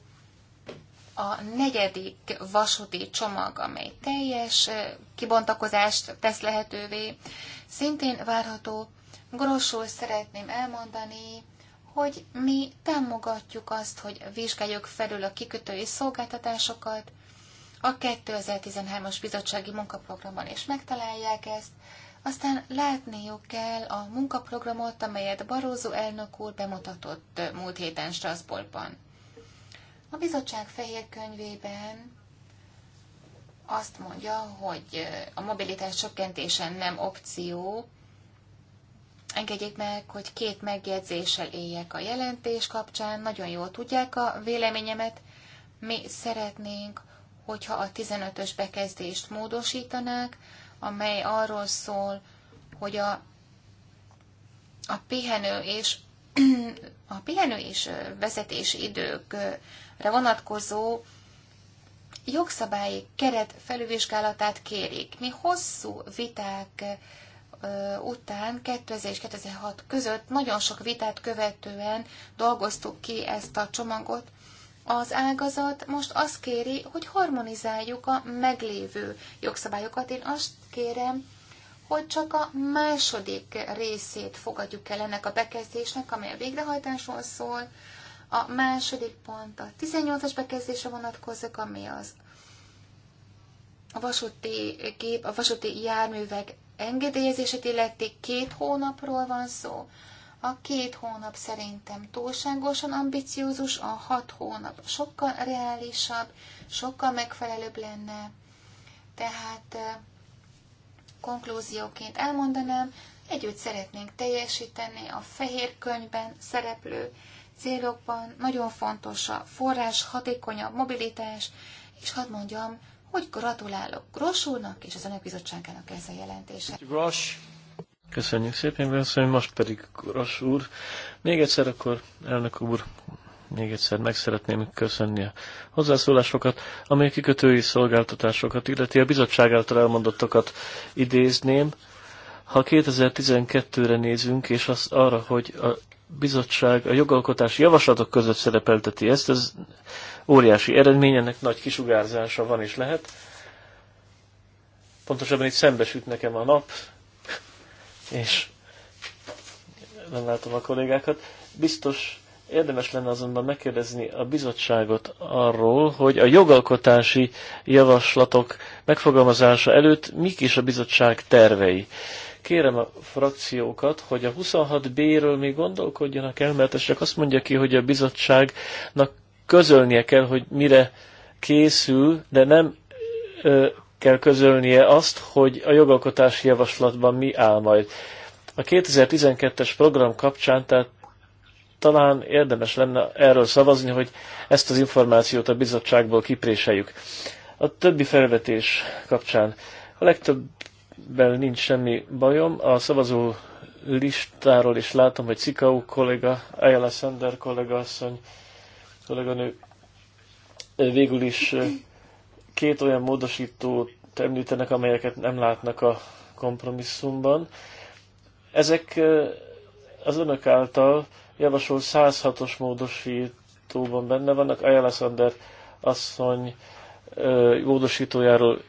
a negyedik vasúti csomag, amely teljes kibontakozást tesz lehetővé, szintén várható. Grossul szeretném elmondani, hogy mi támogatjuk azt, hogy vizsgáljuk felül a kikötői szolgáltatásokat. A 2013-as bizottsági munkaprogramban is megtalálják ezt, aztán látniuk kell a munkaprogramot, amelyet Barózó elnök úr bemutatott múlt héten Strasbourgban. A bizottság fehér könyvében azt mondja, hogy a mobilitás csökkentésen nem opció. Engedjék meg, hogy két megjegyzéssel éljek a jelentés kapcsán. Nagyon jól tudják a véleményemet. Mi szeretnénk, hogyha a 15-ös bekezdést módosítanák, amely arról szól, hogy a, a pihenő és a pihenő és vezetési idők vonatkozó jogszabályi keret felülvizsgálatát kérik. Mi hosszú viták után 2000 és 2006 között nagyon sok vitát követően dolgoztuk ki ezt a csomagot. Az ágazat most azt kéri, hogy harmonizáljuk a meglévő jogszabályokat. Én azt kérem, hogy csak a második részét fogadjuk el ennek a bekezdésnek, amely a végrehajtásról szól, a második pont a 18-as bekezdése vonatkozik, ami az a vasúti gép, a vasúti járművek engedélyezését illeti két hónapról van szó. A két hónap szerintem túlságosan ambiciózus, a hat hónap sokkal reálisabb, sokkal megfelelőbb lenne. Tehát konklúzióként elmondanám, együtt szeretnénk teljesíteni a fehér könyvben szereplő célokban nagyon fontos a forrás, hatékonyabb mobilitás, és hadd mondjam, hogy gratulálok Gross és az Önök Bizottságának ez a jelentése. Gros. Köszönjük szépen, köszönjük, most pedig Gros úr. Még egyszer akkor, elnök úr, még egyszer meg szeretném köszönni a hozzászólásokat, amely kikötői szolgáltatásokat illeti. A bizottság által elmondottakat idézném. Ha 2012-re nézünk, és az arra, hogy a bizottság a jogalkotási javaslatok között szerepelteti ezt, ez óriási eredmény, ennek nagy kisugárzása van és lehet. Pontosabban itt szembesült nekem a nap, és nem látom a kollégákat. Biztos érdemes lenne azonban megkérdezni a bizottságot arról, hogy a jogalkotási javaslatok megfogalmazása előtt mik is a bizottság tervei kérem a frakciókat, hogy a 26B-ről még gondolkodjanak el, mert ez csak azt mondja ki, hogy a bizottságnak közölnie kell, hogy mire készül, de nem ö, kell közölnie azt, hogy a jogalkotási javaslatban mi áll majd. A 2012-es program kapcsán, tehát talán érdemes lenne erről szavazni, hogy ezt az információt a bizottságból kipréseljük. A többi felvetés kapcsán a legtöbb ezekben nincs semmi bajom. A szavazó listáról is látom, hogy Cikau kollega, Ayala Sender kollega asszony, kolléganő végül is két olyan módosítót említenek, amelyeket nem látnak a kompromisszumban. Ezek az önök által javasolt 106-os módosítóban benne vannak. Ayala Sander asszony módosítójáról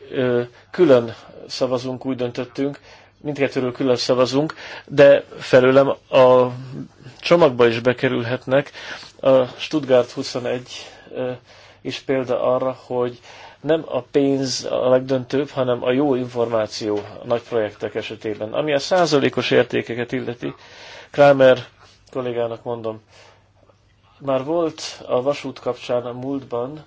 külön szavazunk, úgy döntöttünk, mindkettőről külön szavazunk, de felőlem a csomagba is bekerülhetnek. A Stuttgart 21 is példa arra, hogy nem a pénz a legdöntőbb, hanem a jó információ a nagy projektek esetében. Ami a százalékos értékeket illeti, Kramer kollégának mondom, már volt a vasút kapcsán a múltban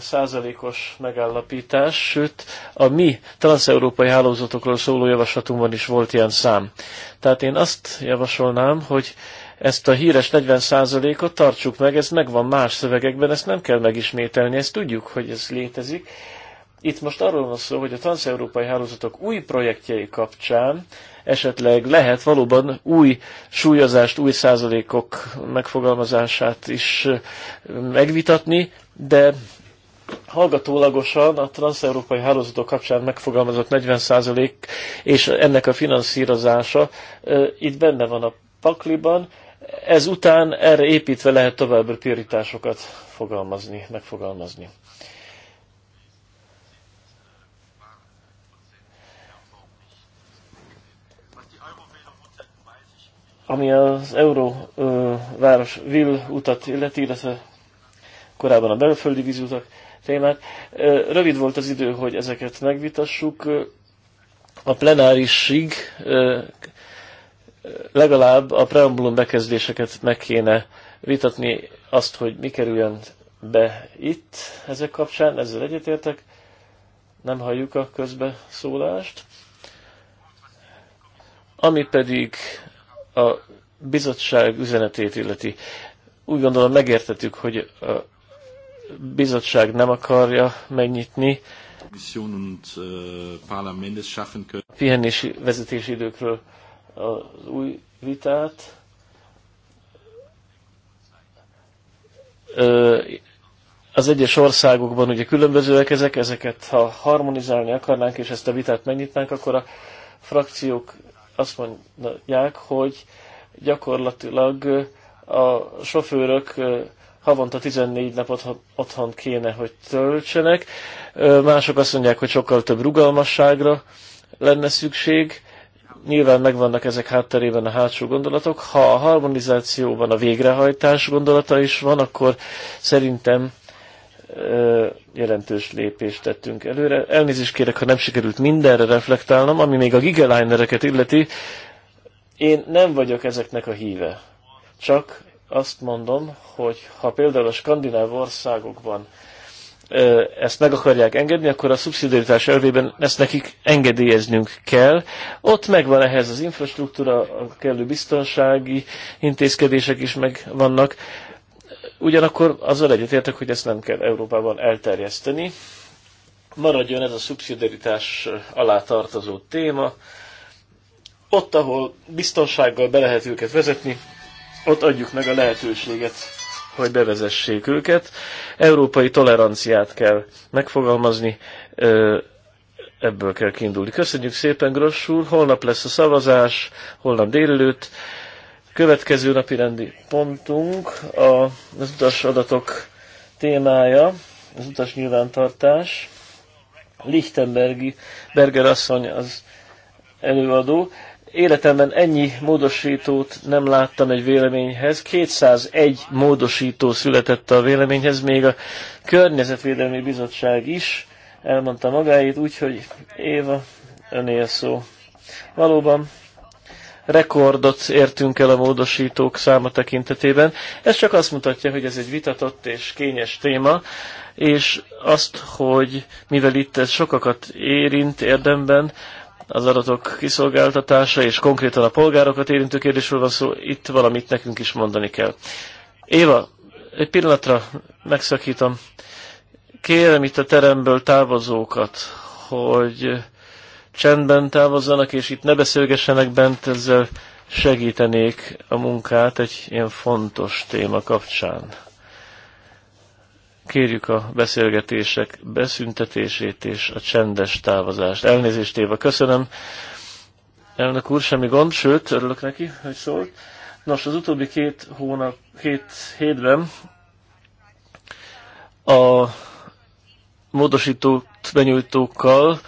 százalékos megállapítás, sőt a mi transzeurópai hálózatokról szóló javaslatunkban is volt ilyen szám. Tehát én azt javasolnám, hogy ezt a híres 40 százalékot tartsuk meg, ez megvan más szövegekben, ezt nem kell megismételni, ezt tudjuk, hogy ez létezik. Itt most arról van szó, hogy a transzeurópai hálózatok új projektjei kapcsán esetleg lehet valóban új súlyozást, új százalékok megfogalmazását is megvitatni, de hallgatólagosan a transzeurópai hálózatok kapcsán megfogalmazott 40% és ennek a finanszírozása itt benne van a pakliban, ez után erre építve lehet további prioritásokat fogalmazni, megfogalmazni. Ami az Euróváros Vill utat illeti, illetve korábban a belföldi vízutak, témák. Rövid volt az idő, hogy ezeket megvitassuk. A plenárisig legalább a preambulum bekezdéseket meg kéne vitatni azt, hogy mi kerüljön be itt ezek kapcsán, ezzel egyetértek. Nem halljuk a közbeszólást. Ami pedig a bizottság üzenetét illeti. Úgy gondolom megértettük, hogy a bizottság nem akarja megnyitni. Äh, a pihenési vezetési időkről az új vitát. Az egyes országokban ugye különbözőek ezek, ezeket ha harmonizálni akarnánk, és ezt a vitát megnyitnánk, akkor a frakciók azt mondják, hogy gyakorlatilag a sofőrök havonta 14 napot otthon kéne, hogy töltsenek. Mások azt mondják, hogy sokkal több rugalmasságra lenne szükség. Nyilván megvannak ezek hátterében a hátsó gondolatok. Ha a harmonizációban a végrehajtás gondolata is van, akkor szerintem jelentős lépést tettünk előre. Elnézést kérek, ha nem sikerült mindenre reflektálnom, ami még a gigalinereket illeti, én nem vagyok ezeknek a híve. Csak azt mondom, hogy ha például a skandináv országokban ezt meg akarják engedni, akkor a szubszidiaritás elvében ezt nekik engedélyeznünk kell. Ott megvan ehhez az infrastruktúra, a kellő biztonsági intézkedések is megvannak. Ugyanakkor azzal egyetértek, hogy ezt nem kell Európában elterjeszteni. Maradjon ez a szubszidiaritás alá tartozó téma. Ott, ahol biztonsággal be lehet őket vezetni, ott adjuk meg a lehetőséget, hogy bevezessék őket. Európai toleranciát kell megfogalmazni, ebből kell kiindulni. Köszönjük szépen, Gross úr, holnap lesz a szavazás, holnap délelőtt. Következő napi rendi pontunk a, az utas adatok témája, az utas nyilvántartás. Lichtenbergi Berger asszony az előadó. Életemben ennyi módosítót nem láttam egy véleményhez. 201 módosító született a véleményhez, még a Környezetvédelmi Bizottság is elmondta magáit, úgyhogy Éva, önél szó. Valóban rekordot értünk el a módosítók száma tekintetében. Ez csak azt mutatja, hogy ez egy vitatott és kényes téma, és azt, hogy mivel itt ez sokakat érint érdemben, az adatok kiszolgáltatása, és konkrétan a polgárokat érintő kérdésről van szó, itt valamit nekünk is mondani kell. Éva, egy pillanatra megszakítom. Kérem itt a teremből távozókat, hogy csendben távozzanak, és itt ne beszélgessenek bent, ezzel segítenék a munkát egy ilyen fontos téma kapcsán. Kérjük a beszélgetések beszüntetését és a csendes távozást. Elnézést éve köszönöm. Elnök úr, semmi gond, sőt, örülök neki, hogy szólt. Nos, az utóbbi két hónap, két hétben a módosítót benyújtókkal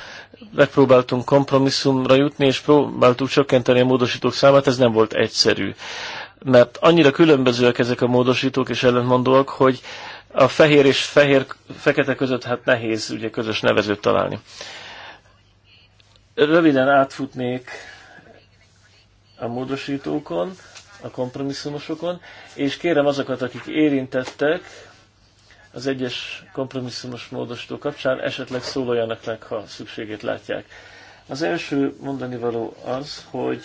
megpróbáltunk kompromisszumra jutni, és próbáltuk csökkenteni a módosítók számát, ez nem volt egyszerű. Mert annyira különbözőek ezek a módosítók és ellentmondóak, hogy a fehér és fehér, fekete között hát nehéz ugye közös nevezőt találni. Röviden átfutnék a módosítókon, a kompromisszumosokon, és kérem azokat, akik érintettek az egyes kompromisszumos módosító kapcsán, esetleg szólaljanak meg, ha szükségét látják. Az első mondani való az, hogy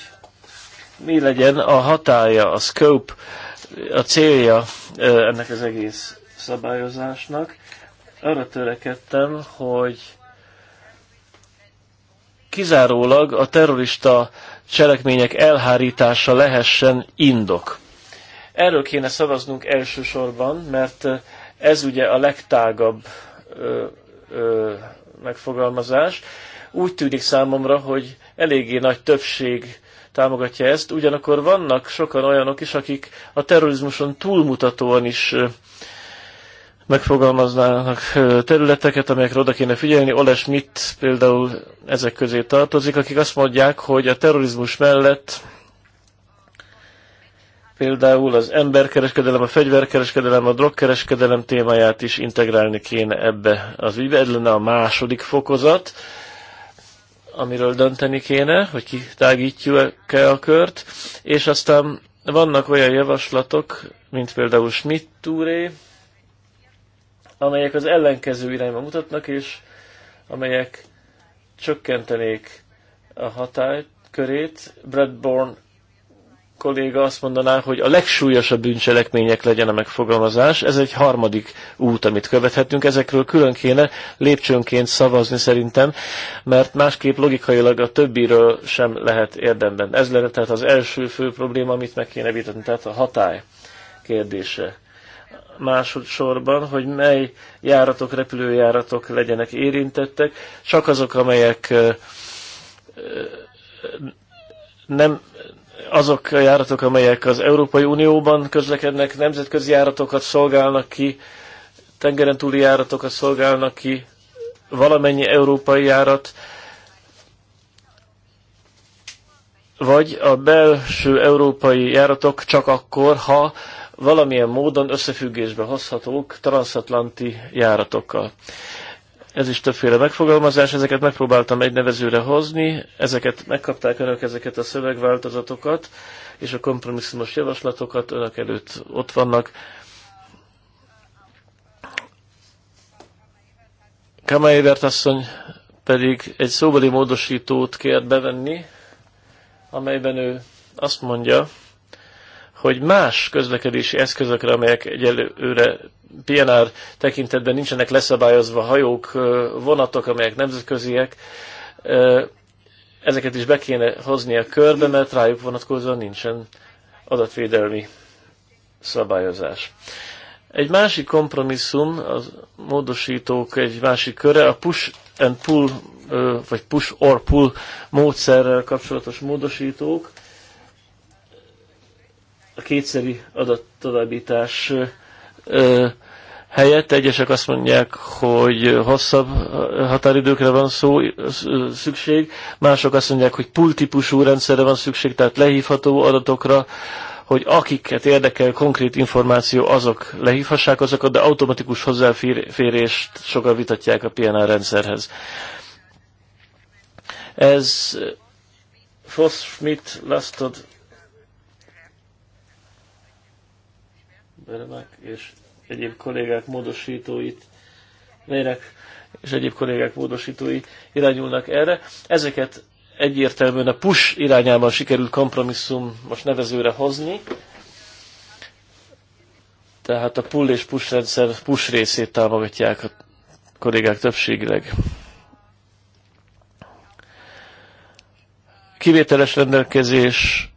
mi legyen a hatája, a scope, a célja ennek az egész szabályozásnak. Arra törekedtem, hogy kizárólag a terrorista cselekmények elhárítása lehessen indok. Erről kéne szavaznunk elsősorban, mert ez ugye a legtágabb ö, ö, megfogalmazás. Úgy tűnik számomra, hogy eléggé nagy többség támogatja ezt, ugyanakkor vannak sokan olyanok is, akik a terrorizmuson túlmutatóan is megfogalmaznának területeket, amelyekre oda kéne figyelni. Oles mit, például ezek közé tartozik, akik azt mondják, hogy a terrorizmus mellett például az emberkereskedelem, a fegyverkereskedelem, a drogkereskedelem témáját is integrálni kéne ebbe az ügybe. Ez lenne a második fokozat, amiről dönteni kéne, hogy kitágítjuk-e a kört. És aztán vannak olyan javaslatok, mint például Schmidt úré, amelyek az ellenkező irányba mutatnak, és amelyek csökkentenék a hatály körét. Bradborn kolléga azt mondaná, hogy a legsúlyosabb bűncselekmények legyen a megfogalmazás. Ez egy harmadik út, amit követhetünk. Ezekről külön kéne lépcsőnként szavazni szerintem, mert másképp logikailag a többiről sem lehet érdemben. Ez lenne tehát az első fő probléma, amit meg kéne vitatni, tehát a hatály kérdése másodszorban, hogy mely járatok, repülőjáratok legyenek érintettek, csak azok, amelyek nem azok a járatok, amelyek az Európai Unióban közlekednek, nemzetközi járatokat szolgálnak ki, tengeren túli járatokat szolgálnak ki, valamennyi európai járat, vagy a belső európai járatok csak akkor, ha valamilyen módon összefüggésbe hozhatók transatlanti járatokkal. Ez is többféle megfogalmazás, ezeket megpróbáltam egy nevezőre hozni, ezeket megkapták önök ezeket a szövegváltozatokat, és a kompromisszumos javaslatokat önök előtt ott vannak. Kamaévert asszony pedig egy szóbeli módosítót kért bevenni, amelyben ő azt mondja, hogy más közlekedési eszközökre, amelyek egyelőre PNR tekintetben nincsenek leszabályozva, hajók, vonatok, amelyek nemzetköziek, ezeket is be kéne hozni a körbe, mert rájuk vonatkozóan nincsen adatvédelmi szabályozás. Egy másik kompromisszum, a módosítók egy másik köre, a push and pull, vagy push or pull módszerrel kapcsolatos módosítók, a kétszeri adattovábbítás helyett egyesek azt mondják, hogy hosszabb határidőkre van szó, szükség, mások azt mondják, hogy pultípusú rendszerre van szükség, tehát lehívható adatokra, hogy akiket érdekel konkrét információ, azok lehívhassák azokat, de automatikus hozzáférést sokan vitatják a PNR rendszerhez. Ez Foss Schmidt Lastod, Beremek és egyéb kollégák módosítóit, melynek és egyéb kollégák módosítói irányulnak erre. Ezeket egyértelműen a push irányában sikerült kompromisszum most nevezőre hozni, tehát a pull és push rendszer push részét támogatják a kollégák többségileg. Kivételes rendelkezés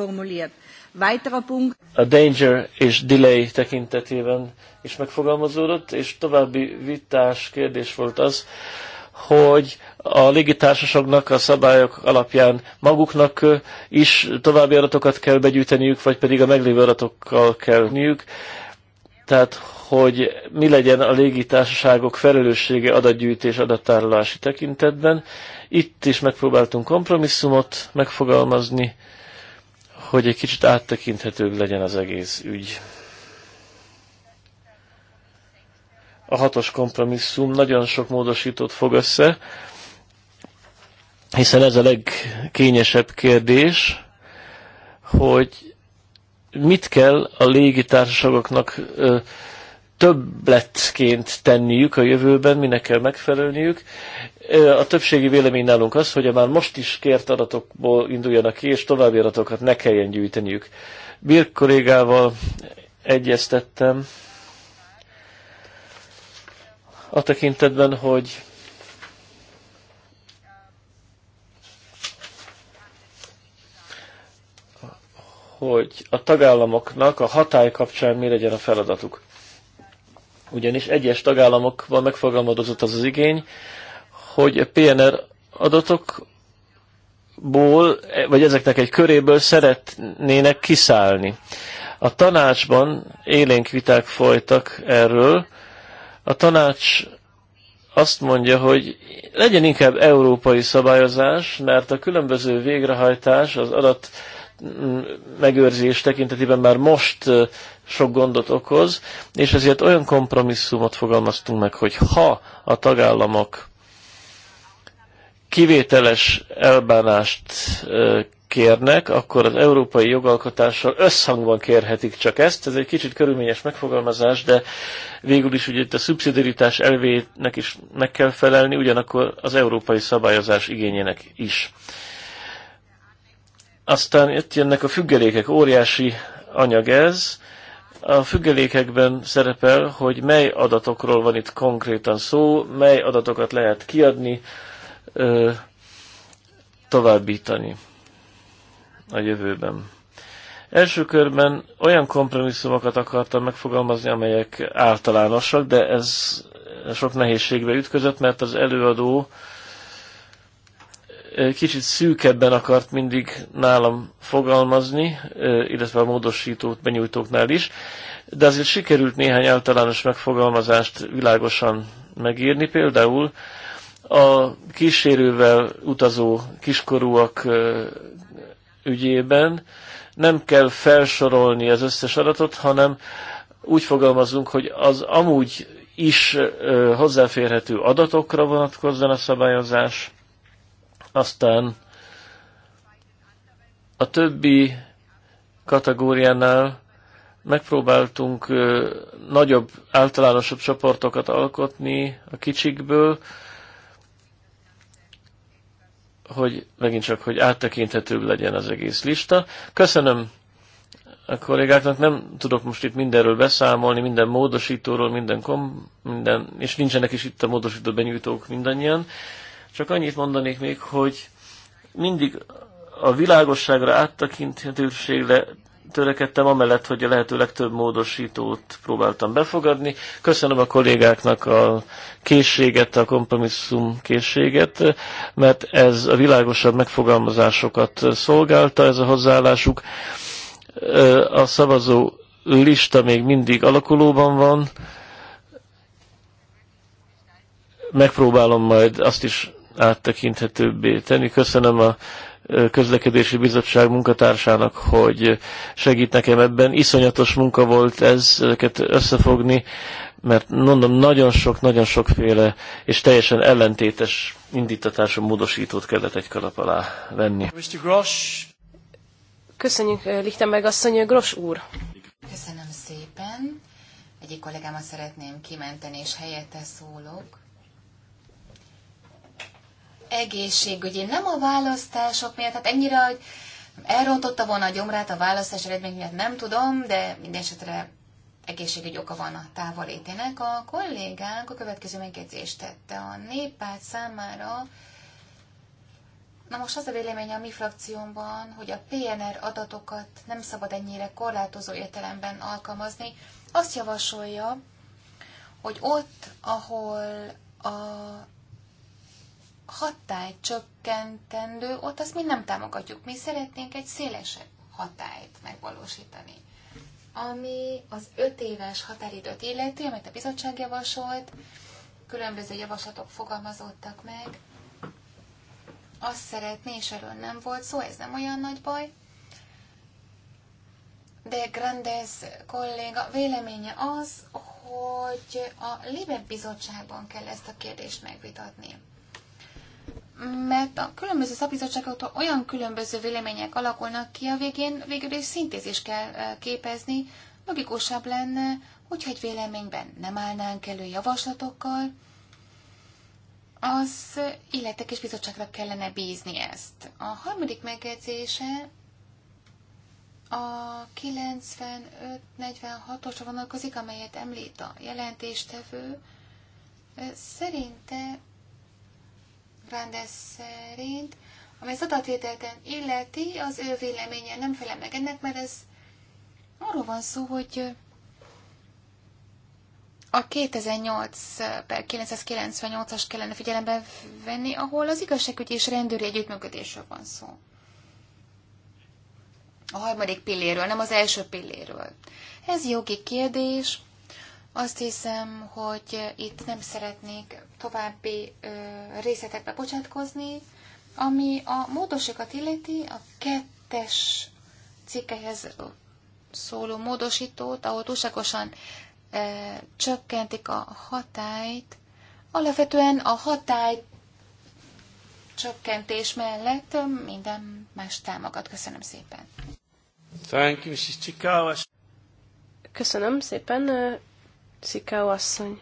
formuliert. Weiterer Punkt. A danger és delay tekintetében is megfogalmazódott, és további vitás kérdés volt az, hogy a légitársaságnak a szabályok alapján maguknak is további adatokat kell begyűjteniük, vagy pedig a meglévő adatokkal kell nyűjük. Tehát, hogy mi legyen a légitársaságok felelőssége adatgyűjtés, adattárolási tekintetben. Itt is megpróbáltunk kompromisszumot megfogalmazni, hogy egy kicsit áttekinthetőbb legyen az egész ügy. A hatos kompromisszum nagyon sok módosítót fog össze, hiszen ez a legkényesebb kérdés, hogy mit kell a légitársaságoknak többletként tenniük a jövőben, minek kell megfelelniük, a többségi vélemény nálunk az, hogy a már most is kért adatokból induljanak ki, és további adatokat ne kelljen gyűjteniük. Birk kollégával egyeztettem a tekintetben, hogy hogy a tagállamoknak a hatály kapcsán mi legyen a feladatuk. Ugyanis egyes tagállamokban megfogalmazott az az igény, hogy a PNR adatokból, vagy ezeknek egy köréből szeretnének kiszállni. A tanácsban élénk viták folytak erről. A tanács azt mondja, hogy legyen inkább európai szabályozás, mert a különböző végrehajtás az adat mm, megőrzés tekintetében már most sok gondot okoz, és ezért olyan kompromisszumot fogalmaztunk meg, hogy ha a tagállamok kivételes elbánást kérnek, akkor az európai jogalkotással összhangban kérhetik csak ezt. Ez egy kicsit körülményes megfogalmazás, de végül is ugye itt a szubszidiaritás elvének is meg kell felelni, ugyanakkor az európai szabályozás igényének is. Aztán itt jönnek a függelékek, óriási anyag ez. A függelékekben szerepel, hogy mely adatokról van itt konkrétan szó, mely adatokat lehet kiadni, ö, továbbítani a jövőben. Első körben olyan kompromisszumokat akartam megfogalmazni, amelyek általánosak, de ez sok nehézségbe ütközött, mert az előadó kicsit szűkebben akart mindig nálam fogalmazni, illetve a módosítót benyújtóknál is, de azért sikerült néhány általános megfogalmazást világosan megírni, például a kísérővel utazó kiskorúak ügyében nem kell felsorolni az összes adatot, hanem úgy fogalmazunk, hogy az amúgy is hozzáférhető adatokra vonatkozzon a szabályozás, aztán a többi kategóriánál megpróbáltunk nagyobb, általánosabb csoportokat alkotni a kicsikből, hogy megint csak, hogy áttekinthetőbb legyen az egész lista. Köszönöm a kollégáknak, nem tudok most itt mindenről beszámolni, minden módosítóról, minden, kom, minden és nincsenek is itt a módosító benyújtók mindannyian. Csak annyit mondanék még, hogy mindig a világosságra, áttekinthetőségre törekedtem, amellett, hogy a lehető legtöbb módosítót próbáltam befogadni. Köszönöm a kollégáknak a készséget, a kompromisszum készséget, mert ez a világosabb megfogalmazásokat szolgálta, ez a hozzáállásuk. A szavazó lista még mindig alakulóban van. Megpróbálom majd azt is áttekinthetőbbé tenni. Köszönöm a közlekedési bizottság munkatársának, hogy segít nekem ebben. Iszonyatos munka volt ez, ezeket összefogni, mert mondom, nagyon sok, nagyon sokféle és teljesen ellentétes indítatású módosítót kellett egy kalap alá venni. Mr. Grosch. Köszönjük, eh, Lichtenberg asszony, eh, Gross úr. Köszönöm szépen. Egyik kollégámat szeretném kimenteni, és helyette szólok egészségügyi, nem a választások miatt, hát ennyire, hogy elrontotta volna a gyomrát a választás eredmény miatt nem tudom, de minden esetre egészségügyi oka van a távolétének. A kollégánk a következő megjegyzést tette a néppárt számára. Na most az a vélemény a mi frakciómban, hogy a PNR adatokat nem szabad ennyire korlátozó értelemben alkalmazni. Azt javasolja, hogy ott, ahol a hatály csökkentendő, ott azt mi nem támogatjuk. Mi szeretnénk egy szélesebb hatályt megvalósítani. Ami az öt éves határidőt illeti, amit a bizottság javasolt, különböző javaslatok fogalmazódtak meg. Azt szeretné, és erről nem volt szó, ez nem olyan nagy baj. De Grandes kolléga véleménye az, hogy a Libet bizottságban kell ezt a kérdést megvitatni mert a különböző szakbizottságoktól olyan különböző vélemények alakulnak ki, a végén végül is szintézis kell képezni. Logikusabb lenne, hogyha egy véleményben nem állnánk elő javaslatokkal, az illetékes bizottságra kellene bízni ezt. A harmadik megjegyzése a 95-46-osra vonalkozik, amelyet említ a jelentéstevő. Szerinte Brandes szerint, ami az adatvételten illeti, az ő véleménye nem fele meg ennek, mert ez arról van szó, hogy a 2008-998-as kellene figyelembe venni, ahol az igazságügyi és rendőri együttműködésről van szó. A harmadik pilléről, nem az első pilléről. Ez jogi kérdés, azt hiszem, hogy itt nem szeretnék további ö, részletekbe bocsátkozni. Ami a módosokat illeti, a kettes cikkehez szóló módosítót, ahol túlságosan ö, csökkentik a hatályt, alapvetően a hatály csökkentés mellett minden más támogat. Köszönöm szépen. Thank you, Mrs. Köszönöm szépen. Cikau asszony.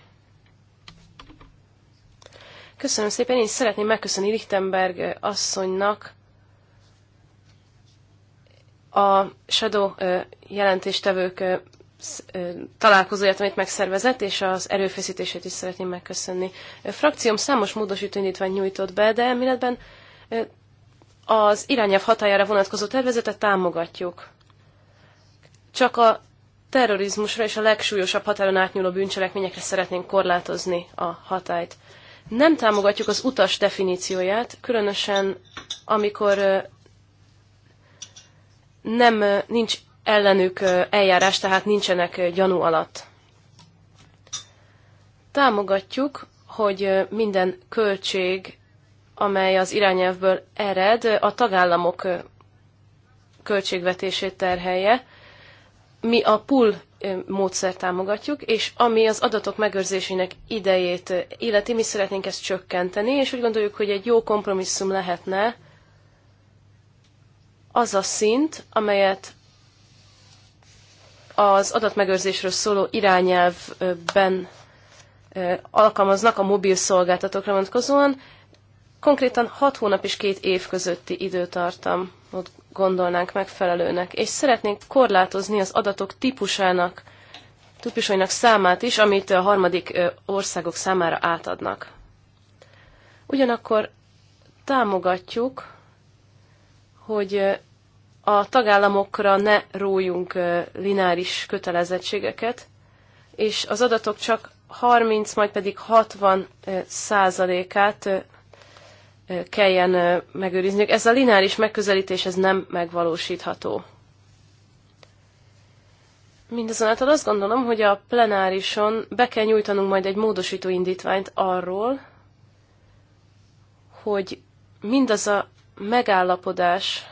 Köszönöm szépen, én szeretném megköszönni Lichtenberg asszonynak a Shadow jelentéstevők találkozóját, amit megszervezett, és az erőfeszítését is szeretném megköszönni. A frakcióm számos módosító indítványt nyújtott be, de elméletben az irányelv hatájára vonatkozó tervezetet támogatjuk. Csak a terrorizmusra és a legsúlyosabb határon átnyúló bűncselekményekre szeretnénk korlátozni a hatályt. Nem támogatjuk az utas definícióját, különösen amikor nem nincs ellenük eljárás, tehát nincsenek gyanú alatt. Támogatjuk, hogy minden költség, amely az irányelvből ered, a tagállamok költségvetését terhelje, mi a pull módszer támogatjuk, és ami az adatok megőrzésének idejét illeti, mi szeretnénk ezt csökkenteni, és úgy gondoljuk, hogy egy jó kompromisszum lehetne az a szint, amelyet az adatmegőrzésről szóló irányelvben alkalmaznak a mobil szolgáltatókra vonatkozóan, konkrétan 6 hónap és 2 év közötti időtartam ott gondolnánk megfelelőnek, és szeretnénk korlátozni az adatok típusának, típusainak számát is, amit a harmadik országok számára átadnak. Ugyanakkor támogatjuk, hogy a tagállamokra ne rójunk lineáris kötelezettségeket, és az adatok csak 30, majd pedig 60 százalékát kelljen megőrizniük. Ez a lineáris megközelítés ez nem megvalósítható. Mindazonáltal azt gondolom, hogy a plenárison be kell nyújtanunk majd egy módosító indítványt arról, hogy mindaz a megállapodás,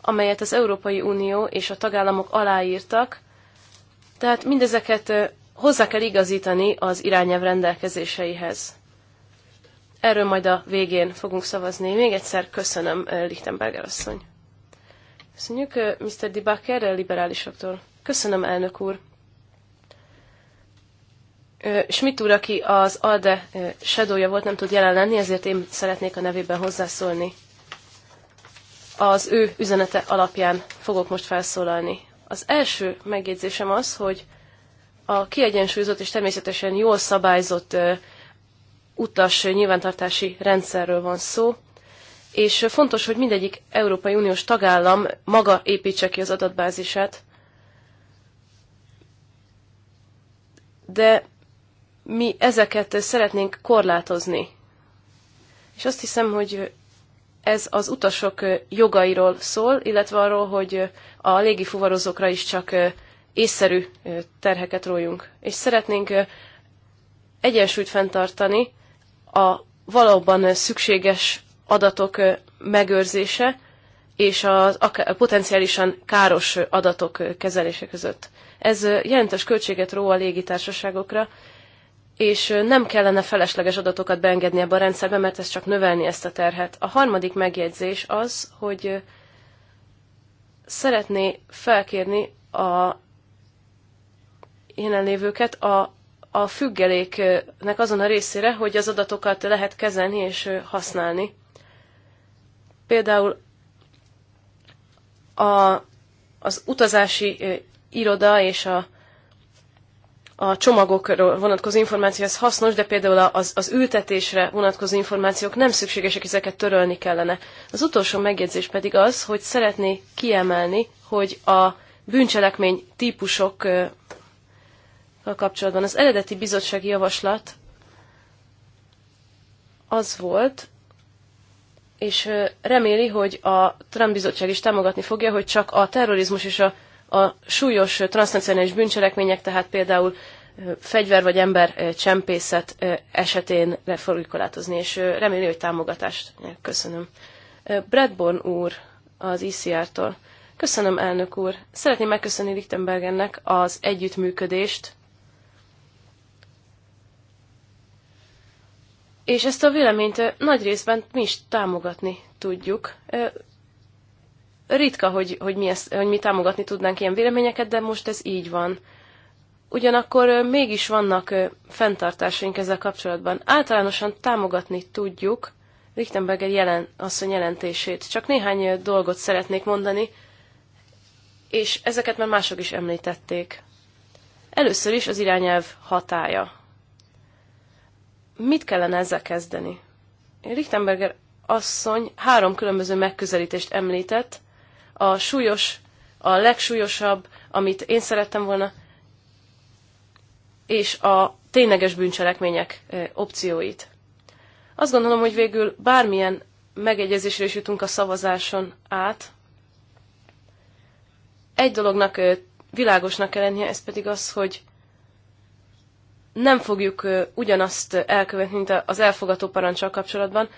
amelyet az Európai Unió és a tagállamok aláírtak, tehát mindezeket hozzá kell igazítani az irányelv rendelkezéseihez. Erről majd a végén fogunk szavazni. Még egyszer köszönöm eh, Lichtenberger asszony. Köszönjük eh, Mr. Dibaker, eh, liberálisoktól. Köszönöm, elnök úr. Schmidt úr, aki az ALDE sedója volt, nem tud jelen lenni, ezért én szeretnék a nevében hozzászólni. Az ő üzenete alapján fogok most felszólalni. Az első megjegyzésem az, hogy a kiegyensúlyozott és természetesen jól szabályzott utas nyilvántartási rendszerről van szó, és fontos, hogy mindegyik Európai Uniós tagállam maga építse ki az adatbázisát, de mi ezeket szeretnénk korlátozni. És azt hiszem, hogy ez az utasok jogairól szól, illetve arról, hogy a légifuvarozókra is csak észszerű terheket rójunk. És szeretnénk egyensúlyt fenntartani, a valóban szükséges adatok megőrzése és a potenciálisan káros adatok kezelése között. Ez jelentős költséget ró a légitársaságokra, és nem kellene felesleges adatokat beengedni ebbe a rendszerbe, mert ez csak növelni ezt a terhet. A harmadik megjegyzés az, hogy szeretné felkérni a jelenlévőket a a függeléknek azon a részére, hogy az adatokat lehet kezelni és használni. Például a, az utazási iroda és a, a csomagokról vonatkozó információ ez hasznos, de például az, az ültetésre vonatkozó információk nem szükségesek, ezeket törölni kellene. Az utolsó megjegyzés pedig az, hogy szeretné kiemelni, hogy a bűncselekmény típusok kapcsolatban. Az eredeti bizottsági javaslat az volt, és reméli, hogy a Trump bizottság is támogatni fogja, hogy csak a terrorizmus és a, a súlyos transznacionális bűncselekmények, tehát például fegyver vagy ember csempészet esetén le fogjuk korlátozni, és reméli, hogy támogatást köszönöm. Bradborn úr az ICR-tól. E köszönöm, elnök úr. Szeretném megköszönni Lichtenbergennek az együttműködést és ezt a véleményt nagy részben mi is támogatni tudjuk. Ritka, hogy, hogy, mi ezt, hogy mi támogatni tudnánk ilyen véleményeket, de most ez így van. Ugyanakkor mégis vannak fenntartásaink ezzel kapcsolatban. Általánosan támogatni tudjuk Lichtenberger jelen, asszony jelentését. Csak néhány dolgot szeretnék mondani, és ezeket már mások is említették. Először is az irányelv hatája. Mit kellene ezzel kezdeni? Richtenberger asszony három különböző megközelítést említett, a súlyos, a legsúlyosabb, amit én szerettem volna, és a tényleges bűncselekmények opcióit. Azt gondolom, hogy végül bármilyen megegyezésre is jutunk a szavazáson át. Egy dolognak világosnak kell lennie, ez pedig az, hogy nem fogjuk ugyanazt elkövetni, mint az elfogató parancsal kapcsolatban,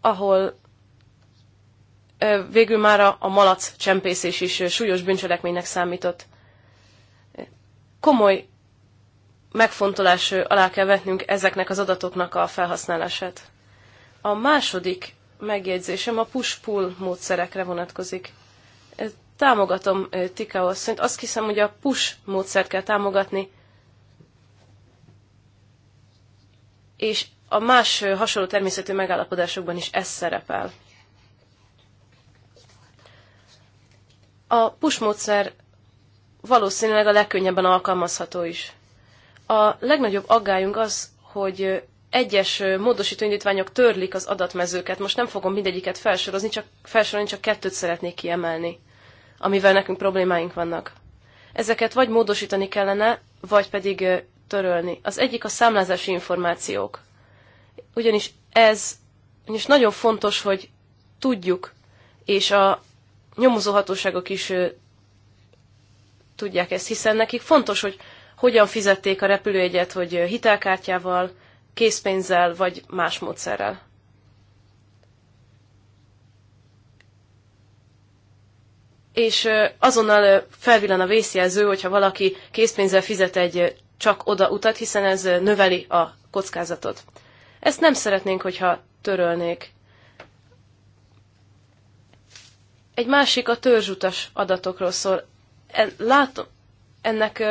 ahol végül már a malac csempészés is súlyos bűncselekménynek számított. Komoly megfontolás alá kell vetnünk ezeknek az adatoknak a felhasználását. A második megjegyzésem a push-pull módszerekre vonatkozik. Támogatom Tika asszonyt. Azt hiszem, hogy a push módszert kell támogatni. És a más hasonló természetű megállapodásokban is ez szerepel. A push módszer valószínűleg a legkönnyebben alkalmazható is. A legnagyobb aggályunk az, hogy egyes módosító indítványok törlik az adatmezőket. Most nem fogom mindegyiket felsorozni, csak felsorolni, csak kettőt szeretnék kiemelni amivel nekünk problémáink vannak. Ezeket vagy módosítani kellene, vagy pedig törölni. Az egyik a számlázási információk. Ugyanis ez, ugyanis nagyon fontos, hogy tudjuk, és a nyomozóhatóságok is tudják ezt, hiszen nekik fontos, hogy hogyan fizették a repülőjegyet, hogy hitelkártyával, készpénzzel vagy más módszerrel. és azonnal felvillan a vészjelző, hogyha valaki készpénzzel fizet egy csak oda utat, hiszen ez növeli a kockázatot. Ezt nem szeretnénk, hogyha törölnék. Egy másik a törzsutas adatokról szól. En, látom, ennek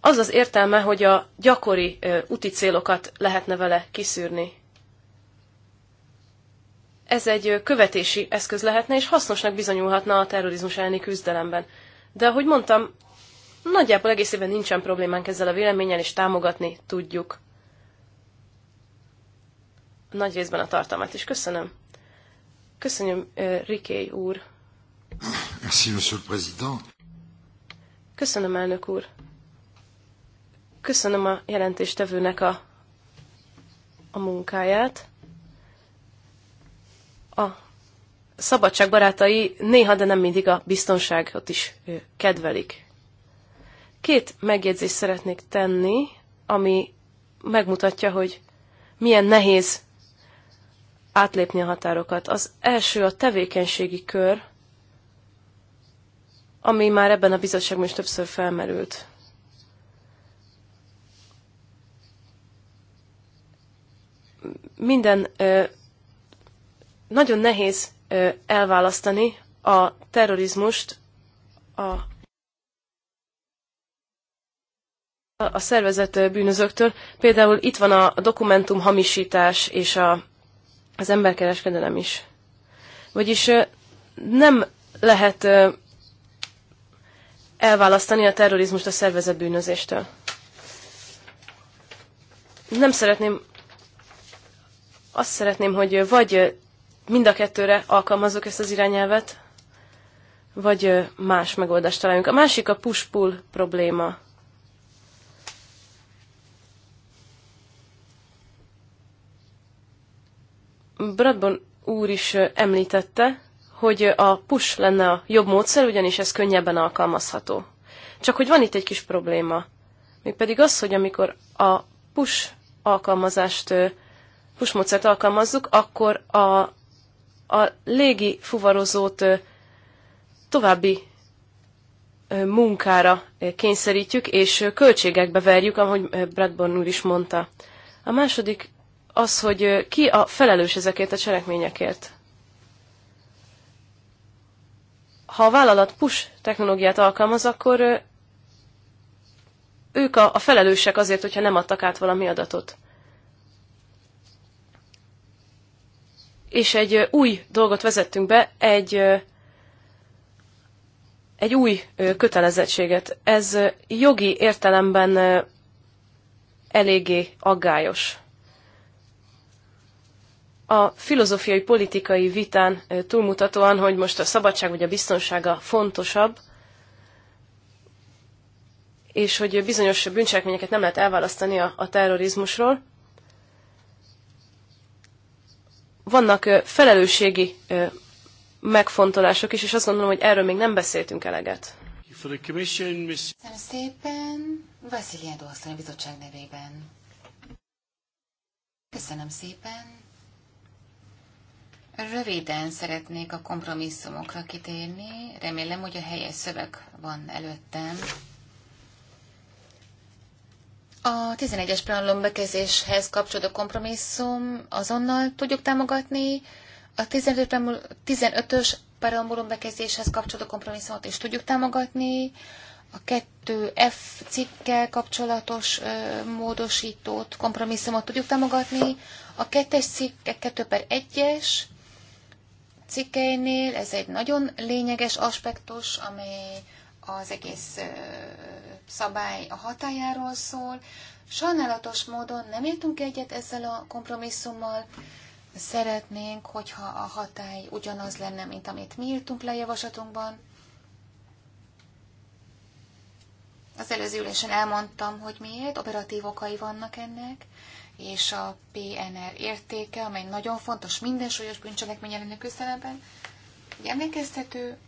az az értelme, hogy a gyakori úti célokat lehetne vele kiszűrni ez egy követési eszköz lehetne, és hasznosnak bizonyulhatna a terrorizmus elleni küzdelemben. De ahogy mondtam, nagyjából egészében nincsen problémánk ezzel a véleménnyel, és támogatni tudjuk. Nagy részben a tartalmat is. Köszönöm. Köszönöm, Rikéj úr. Merci, monsieur le président. Köszönöm, elnök úr. Köszönöm a jelentéstevőnek a, a munkáját a szabadság barátai néha, de nem mindig a biztonságot is kedvelik. Két megjegyzést szeretnék tenni, ami megmutatja, hogy milyen nehéz átlépni a határokat. Az első a tevékenységi kör, ami már ebben a bizottságban is többször felmerült. Minden nagyon nehéz elválasztani a terrorizmust a, a szervezett bűnözöktől. Például itt van a dokumentum hamisítás és a, az emberkereskedelem is. Vagyis nem lehet elválasztani a terrorizmust a szervezett bűnözéstől. Nem szeretném, azt szeretném, hogy vagy mind a kettőre alkalmazzuk ezt az irányelvet, vagy más megoldást találjunk. A másik a push-pull probléma. Bradbon úr is említette, hogy a push lenne a jobb módszer, ugyanis ez könnyebben alkalmazható. Csak hogy van itt egy kis probléma. Mégpedig az, hogy amikor a push alkalmazást, push módszert alkalmazzuk, akkor a a légi fuvarozót további munkára kényszerítjük, és költségekbe verjük, ahogy Bradburn úr is mondta. A második az, hogy ki a felelős ezekért a cselekményekért. Ha a vállalat push technológiát alkalmaz, akkor ők a, a felelősek azért, hogyha nem adtak át valami adatot. és egy új dolgot vezettünk be, egy, egy új kötelezettséget. Ez jogi értelemben eléggé aggályos. A filozófiai politikai vitán túlmutatóan, hogy most a szabadság vagy a biztonsága fontosabb, és hogy bizonyos bűncselekményeket nem lehet elválasztani a, a terrorizmusról, vannak felelősségi megfontolások is, és azt gondolom, hogy erről még nem beszéltünk eleget. Köszönöm szépen, Vasziliádó asszony a bizottság nevében. Köszönöm szépen. Röviden szeretnék a kompromisszumokra kitérni. Remélem, hogy a helyes szöveg van előttem. A 11-es preambulum bekezdéshez kapcsolódó kompromisszum azonnal tudjuk támogatni, a 15-ös preambulum bekezdéshez kapcsolódó kompromisszumot is tudjuk támogatni, a 2F cikkel kapcsolatos ö, módosítót, kompromisszumot tudjuk támogatni. A 2-es cikk, 2 per 1-es cikkeinél ez egy nagyon lényeges aspektus, amely az egész szabály a hatájáról szól. Sajnálatos módon nem értünk egyet ezzel a kompromisszummal. Szeretnénk, hogyha a hatály ugyanaz lenne, mint amit mi írtunk le javaslatunkban. Az előző ülésen elmondtam, hogy miért, operatív okai vannak ennek, és a PNR értéke, amely nagyon fontos minden súlyos bűncselekmény elleni küzdelemben, emlékeztető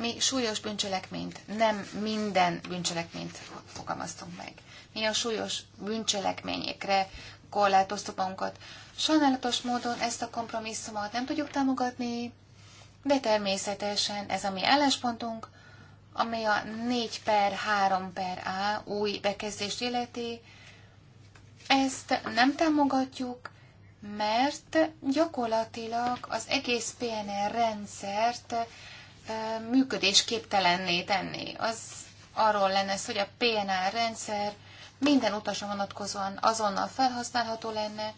mi súlyos bűncselekményt, nem minden bűncselekményt fogalmaztunk meg. Mi a súlyos bűncselekményekre korlátoztuk magunkat. Sajnálatos módon ezt a kompromisszumot nem tudjuk támogatni, de természetesen ez a mi álláspontunk, ami a 4 per 3 per A új bekezdést illeti, ezt nem támogatjuk, mert gyakorlatilag az egész PNR rendszert működésképtelenné tenni. Az arról lenne hogy a PNR rendszer minden utasra vonatkozóan azonnal felhasználható lenne,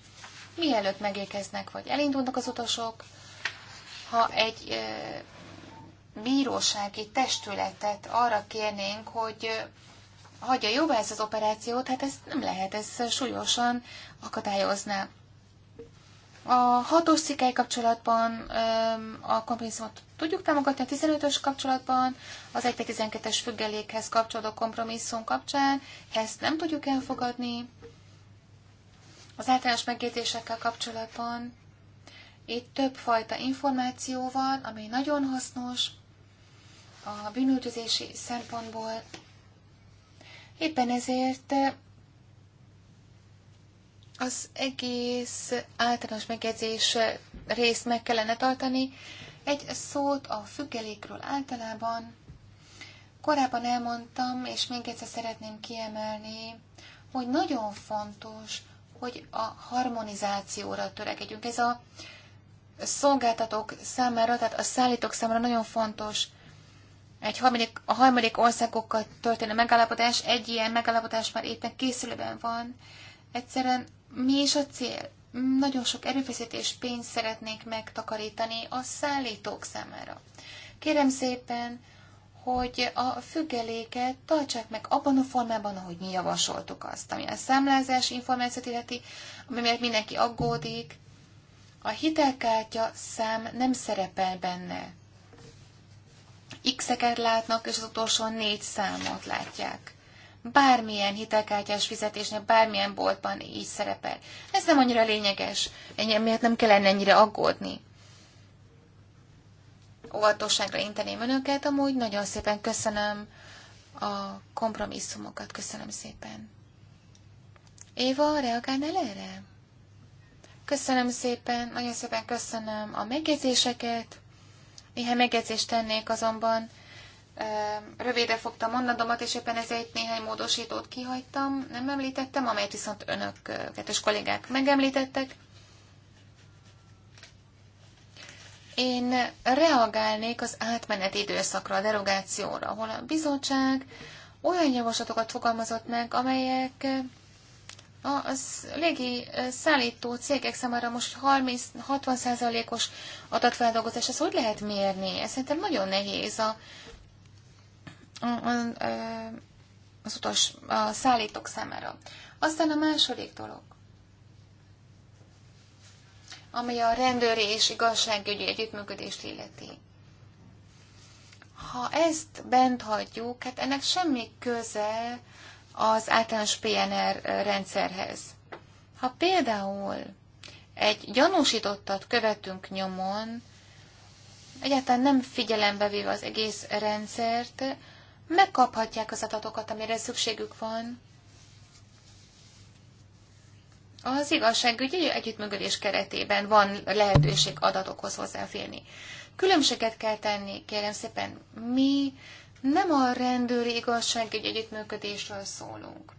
mielőtt megérkeznek vagy elindulnak az utasok, ha egy bírósági testületet arra kérnénk, hogy hagyja jobb ezt az operációt, hát ez nem lehet, ez súlyosan akadályozná a hatos cikkely kapcsolatban a kompromisszumot tudjuk támogatni, a 15-ös kapcsolatban az 1.12-es függelékhez kapcsolódó kompromisszum kapcsán ezt nem tudjuk elfogadni. Az általános megjegyzésekkel kapcsolatban itt több fajta információ van, ami nagyon hasznos a bűnüldözési szempontból. Éppen ezért az egész általános megjegyzés részt meg kellene tartani. Egy szót a függelékről általában. Korábban elmondtam, és még egyszer szeretném kiemelni, hogy nagyon fontos, hogy a harmonizációra törekedjünk. Ez a szolgáltatók számára, tehát a szállítók számára nagyon fontos egy harmadik, a harmadik országokkal történő megállapodás. Egy ilyen megállapodás már éppen készülőben van, Egyszerűen mi is a cél? Nagyon sok erőfeszítés pénzt szeretnék megtakarítani a szállítók számára. Kérem szépen, hogy a függeléket tartsák meg abban a formában, ahogy mi javasoltuk azt, ami a számlázás információt illeti, ami miatt mindenki aggódik. A hitelkártya szám nem szerepel benne. X-eket látnak, és az utolsó négy számot látják bármilyen hitelkártyás fizetésnél, bármilyen boltban így szerepel. Ez nem annyira lényeges, ennyi, miért nem kellene ennyire aggódni. Óvatosságra inteném önöket, amúgy nagyon szépen köszönöm a kompromisszumokat, köszönöm szépen. Éva, reagálnál erre? Köszönöm szépen, nagyon szépen köszönöm a megjegyzéseket. Néhány megjegyzést tennék azonban, Rövidre fogtam mondandomat, és éppen ezért néhány módosítót kihagytam, nem említettem, amelyet viszont önök, kettős kollégák megemlítettek. Én reagálnék az átmeneti időszakra, a derogációra, ahol a bizottság olyan javaslatokat fogalmazott meg, amelyek a légi szállító cégek számára most 30-60%-os adatfeldolgozás, ezt hogy lehet mérni? Ez szerintem nagyon nehéz. A az utas, a szállítók számára. Aztán a második dolog, ami a rendőri és igazságügyi együttműködést illeti. Ha ezt bent hagyjuk, hát ennek semmi köze az általános PNR rendszerhez. Ha például egy gyanúsítottat követünk nyomon, egyáltalán nem figyelembe véve az egész rendszert, megkaphatják az adatokat, amire szükségük van. Az igazságügyi együttműködés keretében van lehetőség adatokhoz hozzáférni. Különbséget kell tenni, kérem szépen, mi nem a rendőri igazságügyi együttműködésről szólunk.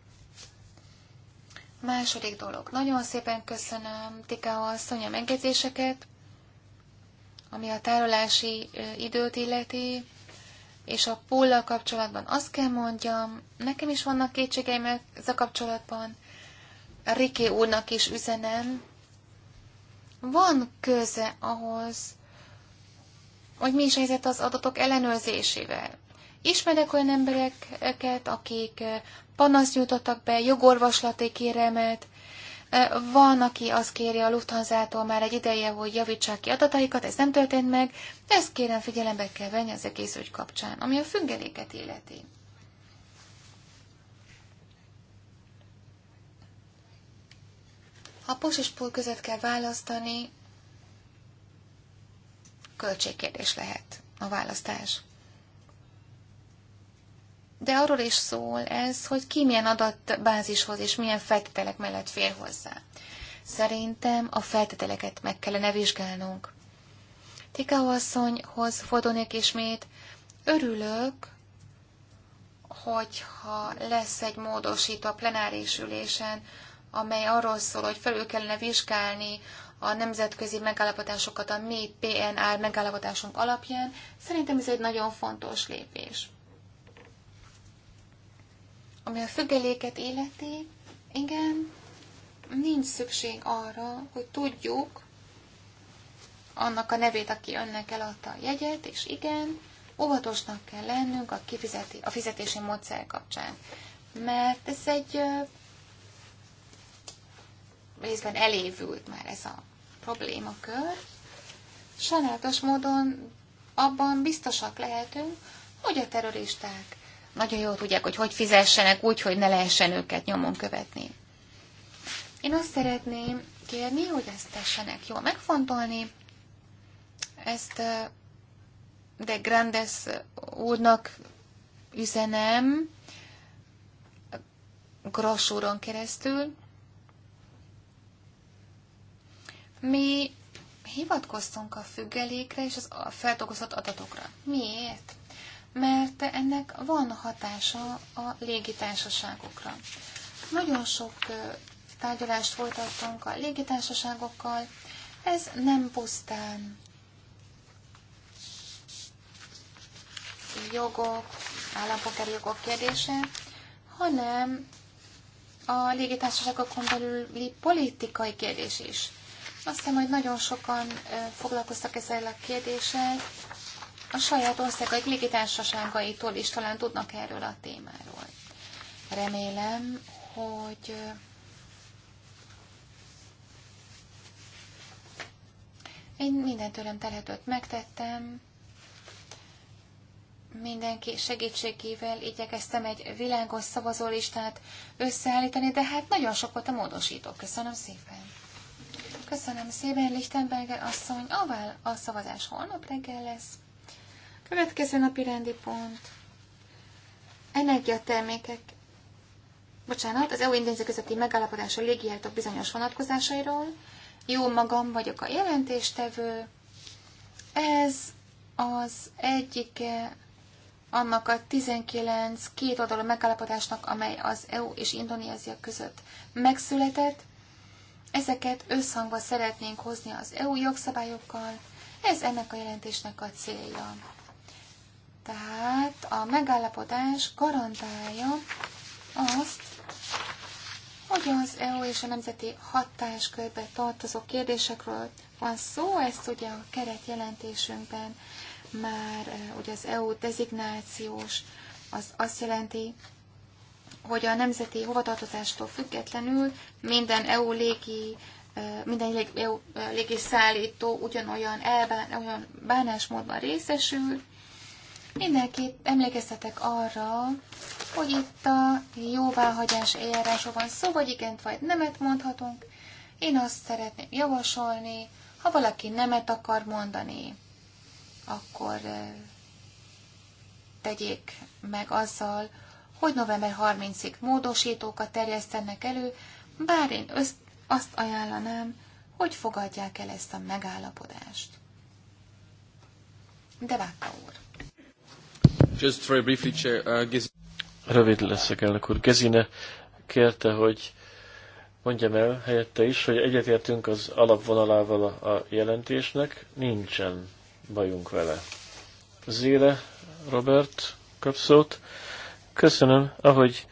Második dolog. Nagyon szépen köszönöm Tika asszony a megjegyzéseket, ami a tárolási időt illeti. És a póllal kapcsolatban azt kell mondjam, nekem is vannak kétségeim ezzel kapcsolatban. Riki úrnak is üzenem, van köze ahhoz, hogy mi is helyzet az adatok ellenőrzésével. Ismerek olyan embereket, akik panaszt nyújtottak be, jogorvoslati kéremet, van, aki azt kéri a Lufthansa-tól már egy ideje, hogy javítsák ki adataikat, ez nem történt meg, de ezt kérem figyelembe kell venni az egész ügy kapcsán, ami a függeléket illeti. Ha pus és pul között kell választani, költségkérdés lehet a választás de arról is szól ez, hogy ki milyen adatbázishoz és milyen feltételek mellett fér hozzá. Szerintem a feltételeket meg kellene vizsgálnunk. Tika asszonyhoz fordulnék ismét. Örülök, hogyha lesz egy módosító a plenáris ülésen, amely arról szól, hogy felül kellene vizsgálni a nemzetközi megállapodásokat a mi PNR megállapodásunk alapján, szerintem ez egy nagyon fontos lépés. Ami a függeléket életi, igen, nincs szükség arra, hogy tudjuk annak a nevét, aki önnek eladta a jegyet, és igen, óvatosnak kell lennünk a, kifizeti, a fizetési módszer kapcsán. Mert ez egy részben elévült már ez a problémakör. Sajnálatos módon abban biztosak lehetünk, hogy a terroristák nagyon jól tudják, hogy hogy fizessenek úgy, hogy ne lehessen őket nyomon követni. Én azt szeretném kérni, hogy ezt tessenek jól megfontolni. Ezt de Grandes úrnak üzenem, Gross úron keresztül. Mi hivatkoztunk a függelékre és az a adatokra. Miért? mert ennek van hatása a légitársaságokra. Nagyon sok tárgyalást folytattunk a légitársaságokkal, ez nem pusztán jogok, állampolgári jogok kérdése, hanem a légitársaságokon belüli politikai kérdés is. Azt hiszem, hogy nagyon sokan foglalkoztak ezzel a kérdéssel, a saját országaik légitársaságaitól is talán tudnak erről a témáról. Remélem, hogy eh, én minden tőlem telhetőt megtettem, mindenki segítségével igyekeztem egy világos szavazólistát összeállítani, de hát nagyon sok volt a módosító. Köszönöm szépen. Köszönöm szépen, Lichtenberger asszony. Avál a szavazás holnap reggel lesz. Következő napi rendi pont. Energiatermékek. Bocsánat, az EU intézmények közötti megállapodás a légijáratok bizonyos vonatkozásairól. Jó magam vagyok a jelentéstevő. Ez az egyike eh, annak a 19 két oldalú megállapodásnak, amely az EU és Indonézia között megszületett. Ezeket összhangba szeretnénk hozni az EU jogszabályokkal, ez ennek a jelentésnek a célja. Tehát a megállapodás garantálja azt, hogy az EU és a nemzeti hatáskörbe tartozó kérdésekről van szó, ezt ugye a keretjelentésünkben már e, ugye az EU dezignációs, az azt jelenti, hogy a nemzeti hovatartozástól függetlenül minden EU légi e, minden EU e, légi szállító ugyanolyan, elbán, olyan bánásmódban részesül, Mindenképp emlékeztetek arra, hogy itt a jóváhagyás eljárásról van szó, vagy igent vagy nemet mondhatunk. Én azt szeretném javasolni, ha valaki nemet akar mondani, akkor tegyék meg azzal, hogy november 30-ig módosítókat terjesztenek elő, bár én össz, azt ajánlanám, hogy fogadják el ezt a megállapodást. De Váka úr. Uh, Rövid leszek, elnök úr. Gezine kérte, hogy mondjam el helyette is, hogy egyetértünk az alapvonalával a jelentésnek, nincsen bajunk vele. Zéle, Robert, kapszót. Köszönöm, ahogy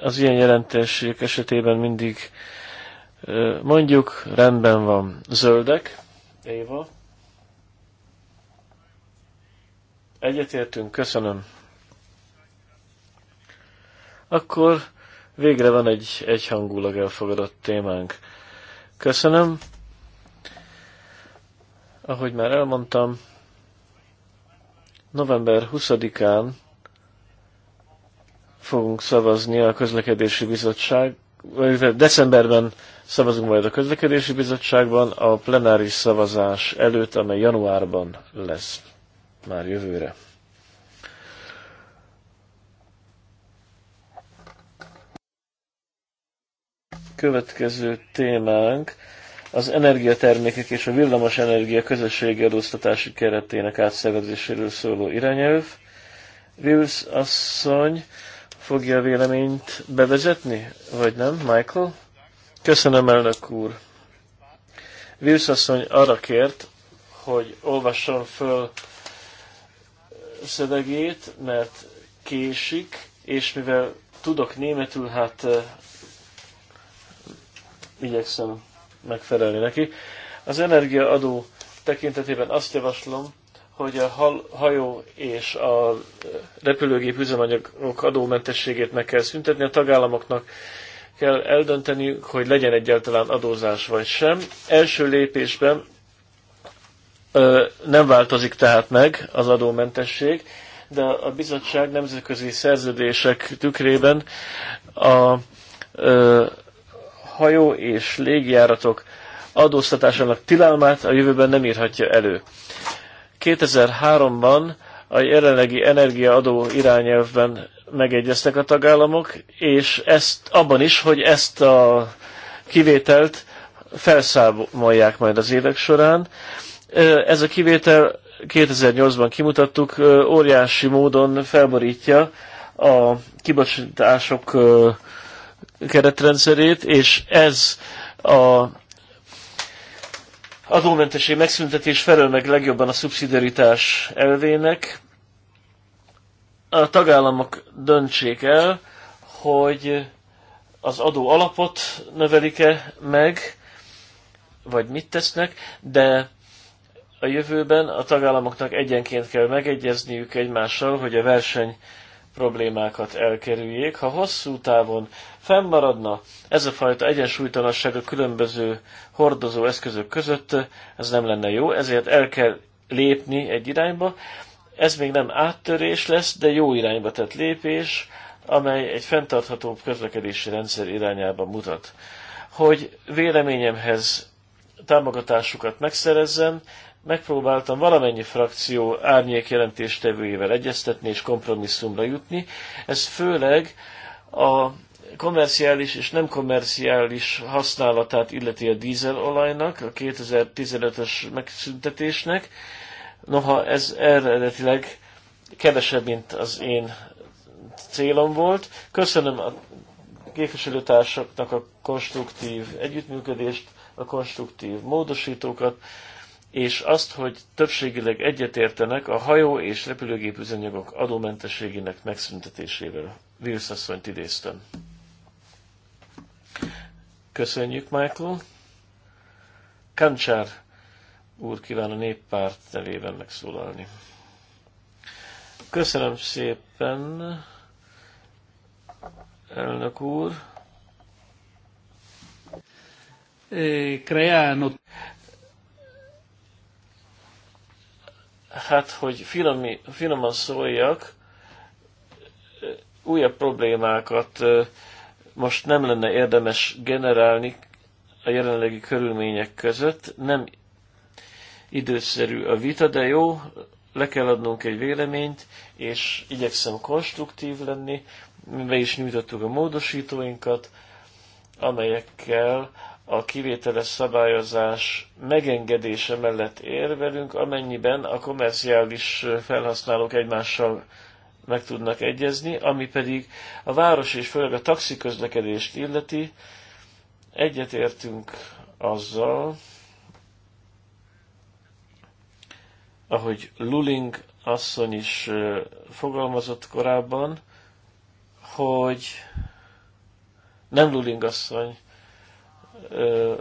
az ilyen jelentések esetében mindig mondjuk, rendben van. Zöldek, Éva. Egyetértünk, köszönöm. Akkor végre van egy egyhangulag elfogadott témánk. Köszönöm. Ahogy már elmondtam, november 20-án fogunk szavazni a közlekedési bizottság, vagy decemberben szavazunk majd a közlekedési bizottságban, a plenáris szavazás előtt, amely januárban lesz már jövőre. Következő témánk az energiatermékek és a villamos energia közösségi adóztatási keretének átszervezéséről szóló irányelv. Wills asszony fogja a véleményt bevezetni, vagy nem, Michael? Köszönöm, elnök úr. Wills asszony arra kért, hogy olvasson föl szövegét, mert késik, és mivel tudok németül, hát igyekszem megfelelni neki. Az energiaadó tekintetében azt javaslom, hogy a hajó és a repülőgép üzemanyagok adómentességét meg kell szüntetni, a tagállamoknak kell eldönteni, hogy legyen egyáltalán adózás vagy sem. Első lépésben nem változik tehát meg az adómentesség, de a bizottság nemzetközi szerződések tükrében a ö, hajó és légjáratok adóztatásának tilalmát a jövőben nem írhatja elő. 2003-ban a jelenlegi energiaadó irányelvben megegyeztek a tagállamok, és ezt abban is, hogy ezt a kivételt felszámolják majd az évek során. Ez a kivétel 2008-ban kimutattuk, óriási módon felborítja a kibocsátások keretrendszerét, és ez a adómentesség megszüntetés felől meg legjobban a szubszidiaritás elvének. A tagállamok döntsék el, hogy az adó alapot növelik-e meg, vagy mit tesznek, de a jövőben a tagállamoknak egyenként kell megegyezniük egymással, hogy a verseny problémákat elkerüljék. Ha hosszú távon fennmaradna ez a fajta egyensúlytalanság a különböző hordozó eszközök között, ez nem lenne jó, ezért el kell lépni egy irányba. Ez még nem áttörés lesz, de jó irányba tett lépés, amely egy fenntarthatóbb közlekedési rendszer irányába mutat. Hogy véleményemhez támogatásukat megszerezzem, megpróbáltam valamennyi frakció árnyék jelentéstevőjével egyeztetni és kompromisszumra jutni. Ez főleg a komerciális és nem komerciális használatát illeti a dízelolajnak, a 2015-ös megszüntetésnek. Noha ez eredetileg kevesebb, mint az én célom volt. Köszönöm a képviselőtársaknak a konstruktív együttműködést, a konstruktív módosítókat, és azt, hogy többségileg egyetértenek a hajó és repülőgép üzemanyagok adómentességének megszüntetésével. Wills asszonyt idéztem. Köszönjük, Michael. Kancsár úr kíván a néppárt nevében megszólalni. Köszönöm szépen, elnök úr. Kreálnot. Eh, hát, hogy finomi, finoman szóljak, újabb problémákat most nem lenne érdemes generálni a jelenlegi körülmények között. Nem időszerű a vita, de jó, le kell adnunk egy véleményt, és igyekszem konstruktív lenni. mivel be is nyújtottuk a módosítóinkat, amelyekkel a kivételes szabályozás megengedése mellett érvelünk, amennyiben a komerciális felhasználók egymással meg tudnak egyezni, ami pedig a város és főleg a taxi közlekedést illeti, egyetértünk azzal, ahogy Luling asszony is fogalmazott korábban, hogy nem Luling asszony,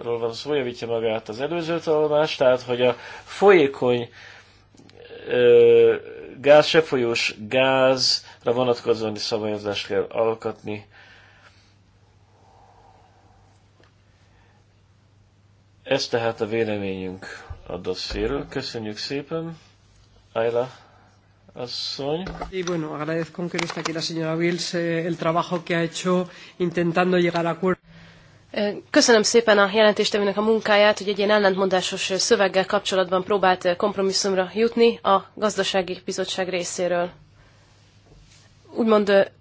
ról van szó, javítja magát az előző tanulás, tehát hogy a folyékony gáz, se folyós gázra vonatkozóan is szabályozást kell alkotni. Ez tehát a véleményünk a dosszéről. Köszönjük szépen, Ayla asszony. Y bueno, agradezco que no está aquí la señora Wills eh, el trabajo que ha hecho intentando llegar a acuerdo. Köszönöm szépen a jelentéstevőnek a munkáját, hogy egy ilyen ellentmondásos szöveggel kapcsolatban próbált kompromisszumra jutni a gazdasági bizottság részéről. Úgymond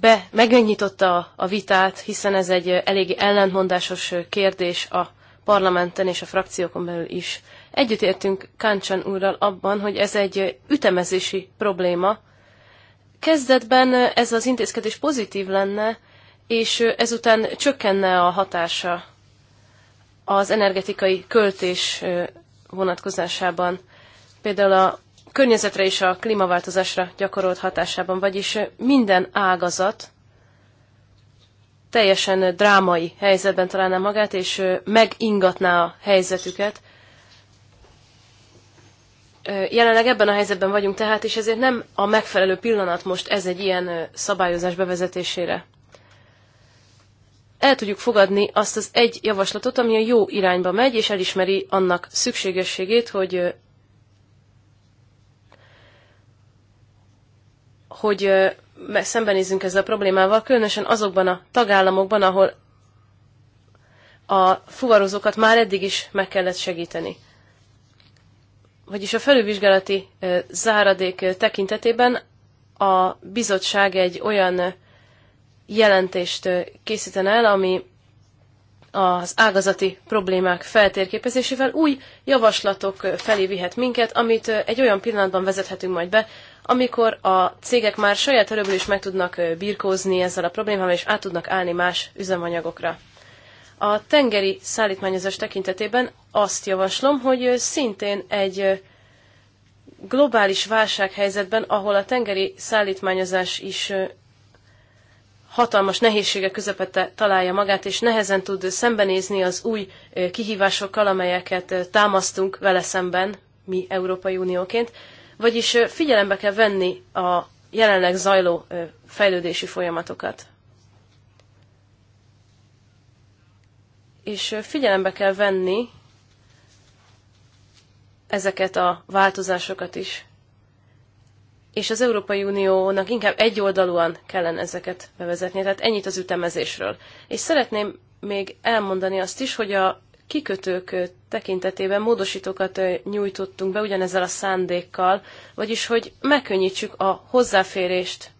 be, megnyitotta a vitát, hiszen ez egy eléggé ellentmondásos kérdés a parlamenten és a frakciókon belül is. Együttértünk Káncsan úrral abban, hogy ez egy ütemezési probléma. Kezdetben ez az intézkedés pozitív lenne, és ezután csökkenne a hatása az energetikai költés vonatkozásában, például a környezetre és a klímaváltozásra gyakorolt hatásában, vagyis minden ágazat teljesen drámai helyzetben találná magát, és megingatná a helyzetüket. Jelenleg ebben a helyzetben vagyunk tehát, és ezért nem a megfelelő pillanat most ez egy ilyen szabályozás bevezetésére el tudjuk fogadni azt az egy javaslatot, ami a jó irányba megy, és elismeri annak szükségességét, hogy hogy szembenézzünk ezzel a problémával, különösen azokban a tagállamokban, ahol a fuvarozókat már eddig is meg kellett segíteni. Vagyis a felülvizsgálati záradék tekintetében a bizottság egy olyan jelentést készíten el, ami az ágazati problémák feltérképezésével új javaslatok felé vihet minket, amit egy olyan pillanatban vezethetünk majd be, amikor a cégek már saját erőből is meg tudnak birkózni ezzel a problémával, és át tudnak állni más üzemanyagokra. A tengeri szállítmányozás tekintetében azt javaslom, hogy szintén egy globális válsághelyzetben, ahol a tengeri szállítmányozás is hatalmas nehézségek közepette találja magát, és nehezen tud szembenézni az új kihívásokkal, amelyeket támasztunk vele szemben, mi Európai Unióként. Vagyis figyelembe kell venni a jelenleg zajló fejlődési folyamatokat. És figyelembe kell venni ezeket a változásokat is és az Európai Uniónak inkább egyoldalúan kellene ezeket bevezetni. Tehát ennyit az ütemezésről. És szeretném még elmondani azt is, hogy a kikötők tekintetében módosítókat nyújtottunk be ugyanezzel a szándékkal, vagyis hogy megkönnyítsük a hozzáférést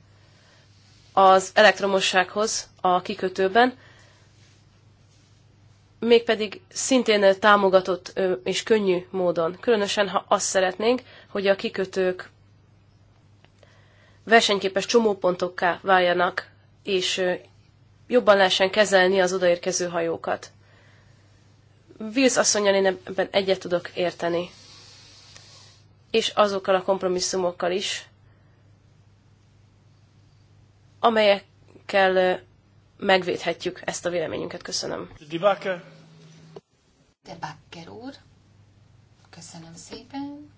az elektromossághoz a kikötőben, mégpedig szintén támogatott és könnyű módon. Különösen, ha azt szeretnénk, hogy a kikötők versenyképes csomópontokká váljanak, és jobban lehessen kezelni az odaérkező hajókat. Wills asszonyjal én ebben egyet tudok érteni. És azokkal a kompromisszumokkal is, amelyekkel megvédhetjük ezt a véleményünket. Köszönöm. Debakker. Debakker úr. Köszönöm szépen.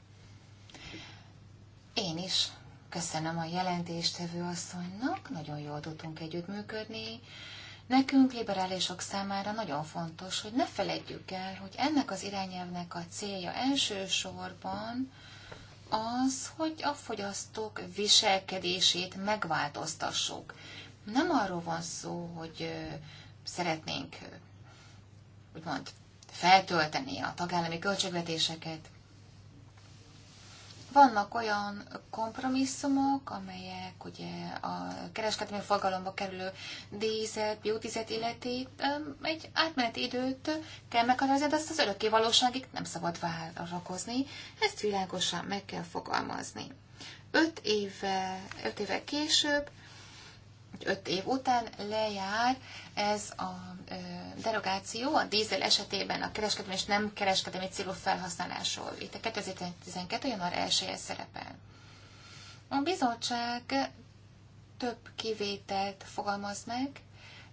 Én is Köszönöm a jelentéstevő asszonynak, nagyon jól tudtunk együttműködni. Nekünk, liberálisok számára nagyon fontos, hogy ne feledjük el, hogy ennek az irányelvnek a célja elsősorban az, hogy a fogyasztók viselkedését megváltoztassuk. Nem arról van szó, hogy szeretnénk úgymond feltölteni a tagállami költségvetéseket, vannak olyan kompromisszumok, amelyek ugye a kereskedelmi forgalomba kerülő dízet, biotizet illeti, egy átmeneti időt kell meghatározni, de azt az örökké valóságig nem szabad várakozni, ezt világosan meg kell fogalmazni. Öt évvel, öt évvel később öt év után lejár ez a derogáció a dízel esetében a kereskedelmi és nem kereskedelmi célú felhasználásról. Itt a 2012. január 1 szerepel. A bizottság több kivételt fogalmaz meg,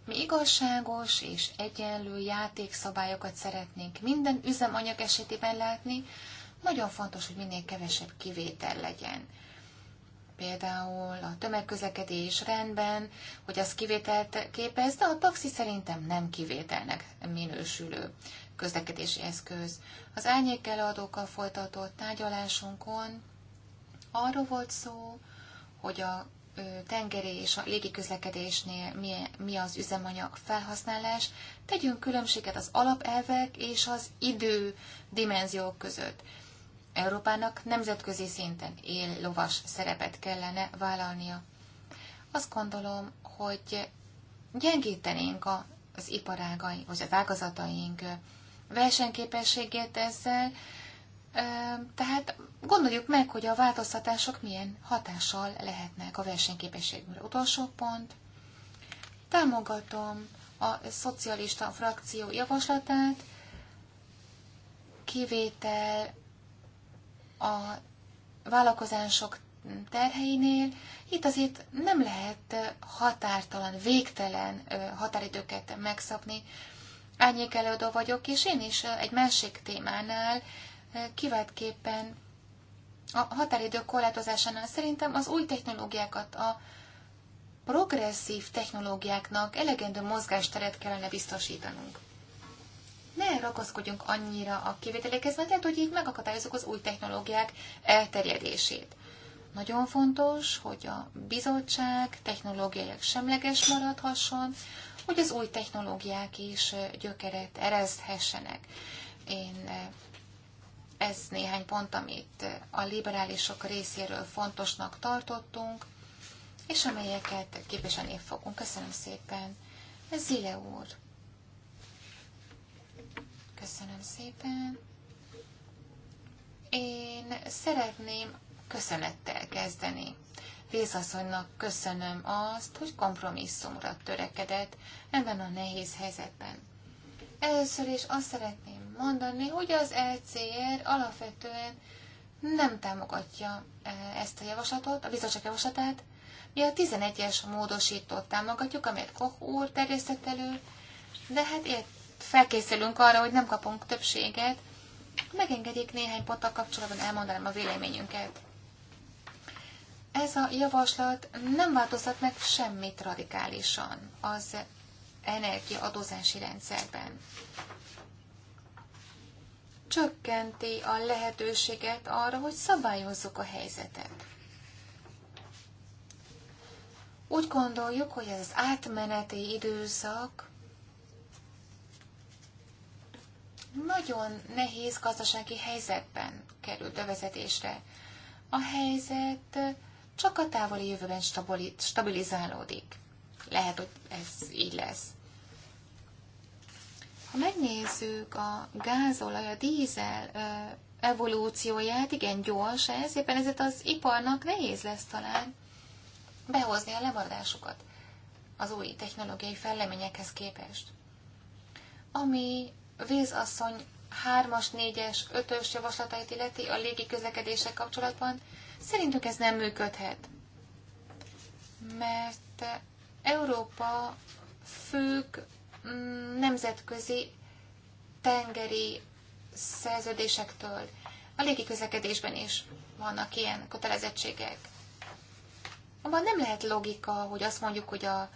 mi igazságos és egyenlő játékszabályokat szeretnénk minden üzemanyag esetében látni, nagyon fontos, hogy minél kevesebb kivétel legyen például a tömegközlekedés rendben, hogy az kivételt képez, de a taxi szerintem nem kivételnek minősülő közlekedési eszköz. Az árnyék előadókkal folytatott tárgyalásunkon arról volt szó, hogy a tengeri és a légiközlekedésnél mi, mi az üzemanyag felhasználás, tegyünk különbséget az alapelvek és az idő dimenziók között. Európának nemzetközi szinten él lovas szerepet kellene vállalnia. Azt gondolom, hogy gyengítenénk az iparágai, vagy az ágazataink versenyképességét ezzel, tehát gondoljuk meg, hogy a változtatások milyen hatással lehetnek a versenyképességünkre. Utolsó pont. Támogatom a szocialista frakció javaslatát, kivétel a vállalkozások terheinél. Itt azért nem lehet határtalan, végtelen határidőket megszabni. Ányék előadó vagyok, és én is egy másik témánál kiváltképpen a határidők korlátozásánál szerintem az új technológiákat, a progresszív technológiáknak elegendő mozgásteret kellene biztosítanunk ne ragaszkodjunk annyira a kivételekhez, mert lehet, hogy így megakadályozunk az új technológiák elterjedését. Nagyon fontos, hogy a bizottság technológiai semleges maradhasson, hogy az új technológiák is gyökeret erezhessenek. Én ez néhány pont, amit a liberálisok részéről fontosnak tartottunk, és amelyeket képviselni fogunk. Köszönöm szépen. Zile úr. Köszönöm szépen. Én szeretném köszönettel kezdeni. Vészasszonynak köszönöm azt, hogy kompromisszumra törekedett ebben a nehéz helyzetben. Először is azt szeretném mondani, hogy az LCR e alapvetően nem támogatja e, ezt a javaslatot, a bizottság javaslatát. Mi a 11-es módosítót támogatjuk, amelyet Koch úr terjesztett elő, de hát ért, felkészülünk arra, hogy nem kapunk többséget, megengedik néhány ponttal kapcsolatban elmondanám a véleményünket. Ez a javaslat nem változtat meg semmit radikálisan az energiaadózási rendszerben. Csökkenti a lehetőséget arra, hogy szabályozzuk a helyzetet. Úgy gondoljuk, hogy ez az átmeneti időszak nagyon nehéz gazdasági helyzetben került bevezetésre. A helyzet csak a távoli jövőben stabilizálódik. Lehet, hogy ez így lesz. Ha megnézzük a gázolaj, a dízel evolúcióját, igen gyors ez, éppen ezért az iparnak nehéz lesz talán behozni a lemaradásukat az új technológiai felleményekhez képest. Ami Vízasszony hármas, négyes, ötös javaslatait illeti a légi közlekedések kapcsolatban, szerintük ez nem működhet. Mert Európa függ mm, nemzetközi tengeri szerződésektől. A légi közlekedésben is vannak ilyen kötelezettségek. Abban nem lehet logika, hogy azt mondjuk, hogy a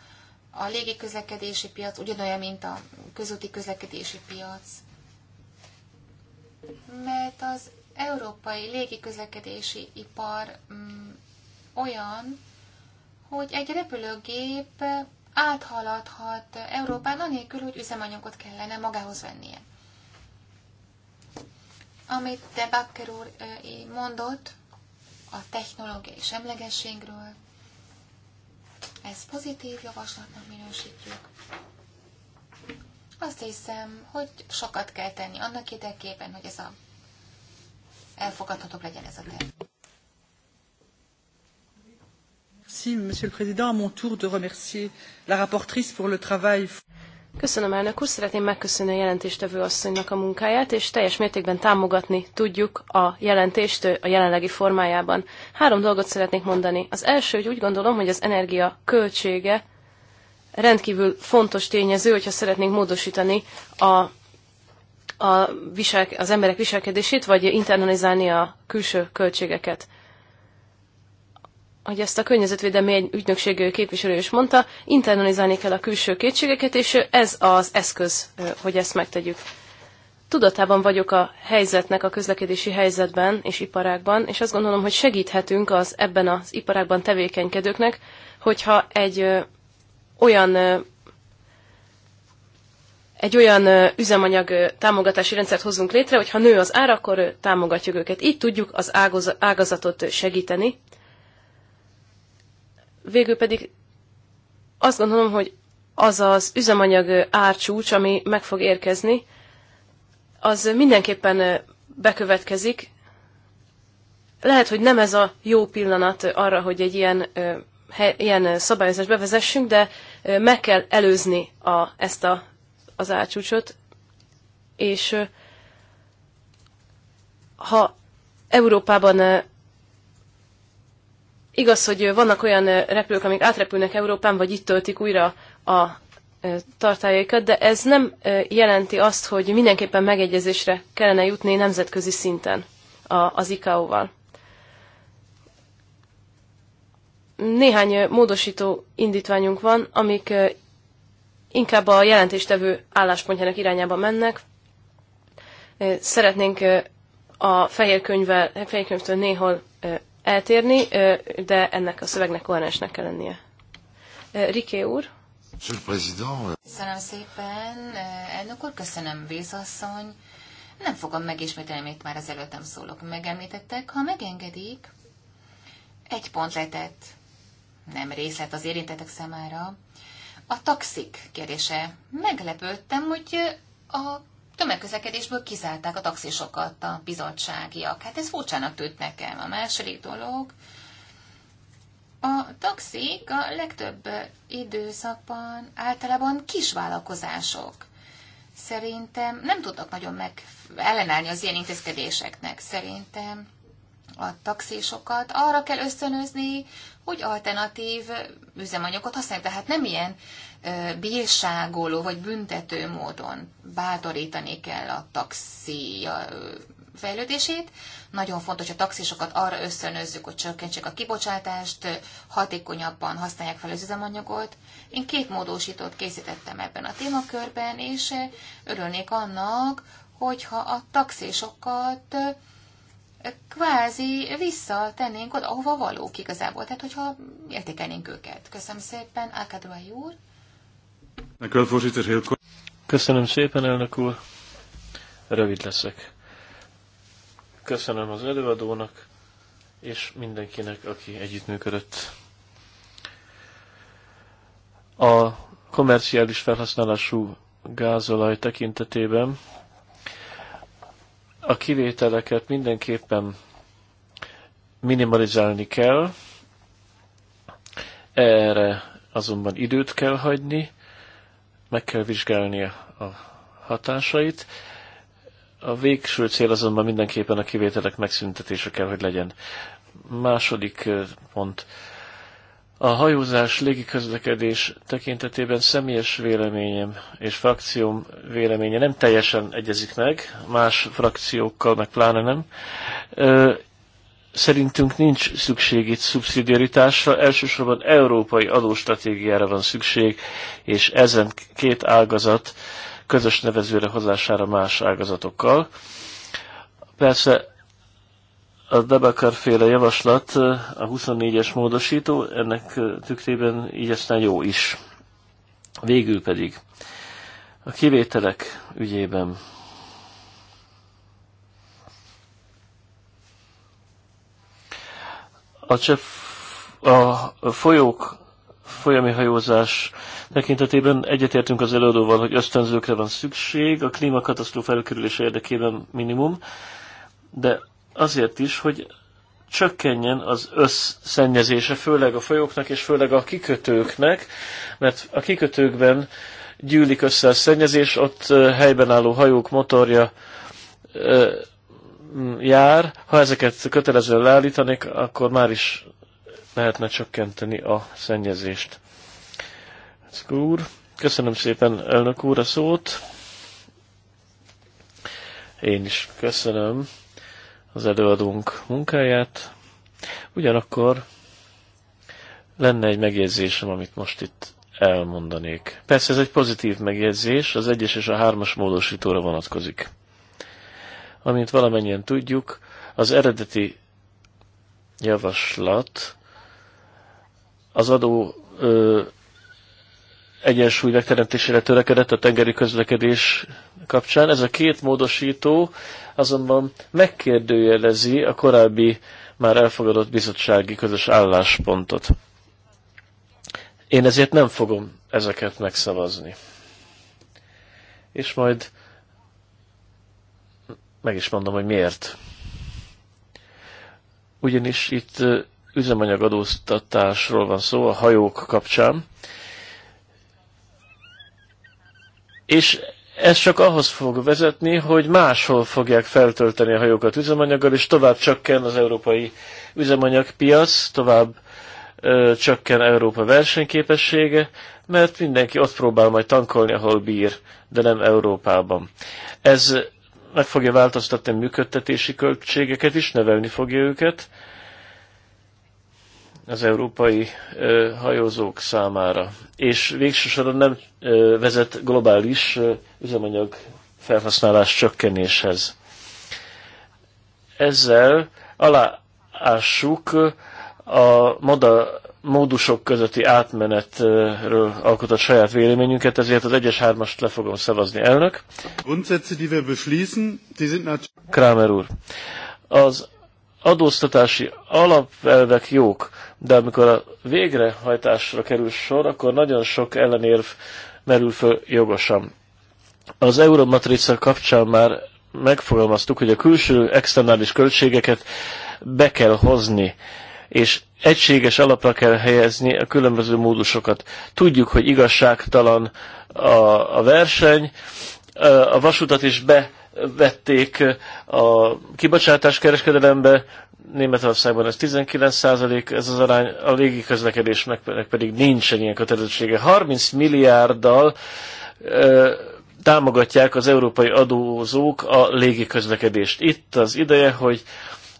a légi közlekedési piac ugyanolyan, mint a közúti közlekedési piac. Mert az európai légi közlekedési ipar mm, olyan, hogy egy repülőgép áthaladhat Európán anélkül, hogy üzemanyagot kellene magához vennie. Amit de Bakker úr mondott a technológiai semlegességről, ezt pozitív javaslatnak minősítjük. Azt hiszem, hogy sokat kell tenni annak érdekében, hogy ez a elfogadhatóbb legyen ez a terv. Merci, Monsieur le Président. À mon tour de remercier la rapportrice pour le travail. Köszönöm, elnök úr. Szeretném megköszönni a jelentéstevő asszonynak a munkáját, és teljes mértékben támogatni tudjuk a jelentést a jelenlegi formájában. Három dolgot szeretnék mondani. Az első, hogy úgy gondolom, hogy az energia költsége rendkívül fontos tényező, hogyha szeretnénk módosítani a a visel, az emberek viselkedését, vagy internalizálni a külső költségeket hogy ezt a környezetvédelmi ügynökség képviselő is mondta, internalizálni kell a külső kétségeket, és ez az eszköz, hogy ezt megtegyük. Tudatában vagyok a helyzetnek, a közlekedési helyzetben és iparágban, és azt gondolom, hogy segíthetünk az ebben az iparágban tevékenykedőknek, hogyha egy olyan egy olyan üzemanyag támogatási rendszert hozunk létre, hogy ha nő az ár, akkor támogatjuk őket. Így tudjuk az ágazatot segíteni, Végül pedig azt gondolom, hogy az az üzemanyag árcsúcs, ami meg fog érkezni, az mindenképpen bekövetkezik. Lehet, hogy nem ez a jó pillanat arra, hogy egy ilyen, ilyen szabályozást bevezessünk, de meg kell előzni a, ezt a, az árcsúcsot, és ha Európában Igaz, hogy vannak olyan repülők, amik átrepülnek Európán, vagy itt töltik újra a tartályaikat, de ez nem jelenti azt, hogy mindenképpen megegyezésre kellene jutni nemzetközi szinten az ICAO-val. Néhány módosító indítványunk van, amik inkább a jelentéstevő álláspontjának irányába mennek. Szeretnénk a fehér, könyvvel, fehér könyvtől néhol eltérni, de ennek a szövegnek koherensnek kell lennie. Riké úr. Euh, köszönöm szépen, elnök úr, köszönöm Vézasszony. Nem fogom megismételni, amit már az előttem szólok. Megemlítettek, ha megengedik, egy pont letett, nem részlet az érintetek számára. A taxik kérdése. Meglepődtem, hogy a tömegközlekedésből kizárták a taxisokat a bizottságiak. Hát ez furcsának tűnt nekem. A második dolog, a taxik a legtöbb időszakban általában kisvállalkozások. Szerintem nem tudnak nagyon meg ellenállni az ilyen intézkedéseknek. Szerintem a taxisokat arra kell ösztönözni, hogy alternatív üzemanyagot használják. Tehát nem ilyen bírságoló vagy büntető módon bátorítani kell a taxi fejlődését. Nagyon fontos, hogy a taxisokat arra összönözzük, hogy csökkentsék a kibocsátást, hatékonyabban használják fel az üzemanyagot. Én két módosítót készítettem ebben a témakörben, és örülnék annak, hogyha a taxisokat kvázi visszatennénk oda, ahova valók igazából, tehát hogyha értékelnénk őket. Köszönöm szépen, Ákádrói úr! Köszönöm szépen, elnök úr. Rövid leszek. Köszönöm az előadónak, és mindenkinek, aki együttműködött. A komerciális felhasználású gázolaj tekintetében a kivételeket mindenképpen minimalizálni kell, erre azonban időt kell hagyni, meg kell vizsgálnia a hatásait. A végső cél azonban mindenképpen a kivételek megszüntetése kell, hogy legyen. Második pont. A hajózás légiközlekedés tekintetében személyes véleményem és frakcióm véleménye nem teljesen egyezik meg, más frakciókkal meg pláne nem. Szerintünk nincs szükség itt szubszidiaritásra, elsősorban európai adóstratégiára van szükség, és ezen két ágazat közös nevezőre hozására más ágazatokkal. Persze a Debakar féle javaslat, a 24-es módosító, ennek tükrében így aztán jó is. Végül pedig a kivételek ügyében A, csepp a folyók folyami hajózás tekintetében egyetértünk az előadóval, hogy ösztönzőkre van szükség, a klímakatasztrófa elkerülése érdekében minimum, de azért is, hogy csökkenjen az összszennyezése, főleg a folyóknak és főleg a kikötőknek, mert a kikötőkben gyűlik össze a szennyezés, ott eh, helyben álló hajók motorja eh, jár. Ha ezeket kötelezően leállítanék, akkor már is lehetne csökkenteni a szennyezést. Úr, köszönöm szépen elnök úr a szót. Én is köszönöm az előadónk munkáját. Ugyanakkor lenne egy megjegyzésem, amit most itt elmondanék. Persze ez egy pozitív megjegyzés, az egyes és a hármas módosítóra vonatkozik. Amint valamennyien tudjuk, az eredeti javaslat az adó ö, egyensúly megteremtésére törekedett a tengeri közlekedés kapcsán. Ez a két módosító azonban megkérdőjelezi a korábbi már elfogadott bizottsági közös álláspontot. Én ezért nem fogom ezeket megszavazni. És majd meg is mondom, hogy miért. Ugyanis itt üzemanyagadóztatásról van szó a hajók kapcsán, és ez csak ahhoz fog vezetni, hogy máshol fogják feltölteni a hajókat üzemanyaggal, és tovább csökken az európai üzemanyagpiac, tovább ö, csökken Európa versenyképessége, mert mindenki ott próbál majd tankolni, ahol bír, de nem Európában. Ez meg fogja változtatni a működtetési költségeket is, nevelni fogja őket az európai ö, hajózók számára. És végsősorban nem ö, vezet globális ö, üzemanyag felhasználás csökkenéshez. Ezzel aláássuk a moda módusok közötti átmenetről alkotott saját véleményünket, ezért az 1-es 3-ast le fogom szavazni elnök. Kramer úr, az adóztatási alapelvek jók, de amikor a végrehajtásra kerül sor, akkor nagyon sok ellenérv merül föl jogosan. Az Euromatrica kapcsán már megfogalmaztuk, hogy a külső externális költségeket be kell hozni és egységes alapra kell helyezni a különböző módusokat. Tudjuk, hogy igazságtalan a, a verseny, a vasutat is bevették a kibocsátás kereskedelembe, Németországban ez 19 százalék, ez az arány, a légi meg pedig nincsen ilyen kötelezettsége. 30 milliárddal ö, támogatják az európai adózók a légi közlekedést. Itt az ideje, hogy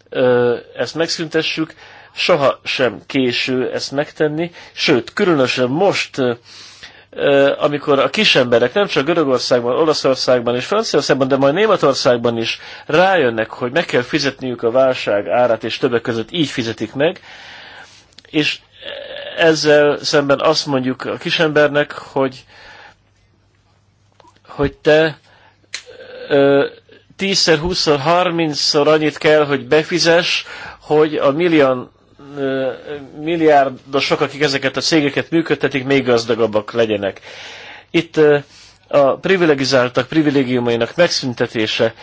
ö, ezt megszüntessük, soha sem késő ezt megtenni, sőt, különösen most, amikor a kisemberek nem csak Görögországban, Olaszországban és Franciaországban, de majd Németországban is rájönnek, hogy meg kell fizetniük a válság árát, és többek között így fizetik meg, és ezzel szemben azt mondjuk a kisembernek, hogy, hogy te ö, 10-szer, 20-szor, 30-szor annyit kell, hogy befizes, hogy a millió milliárdosok, akik ezeket a cégeket működtetik, még gazdagabbak legyenek. Itt a privilegizáltak privilégiumainak megszüntetése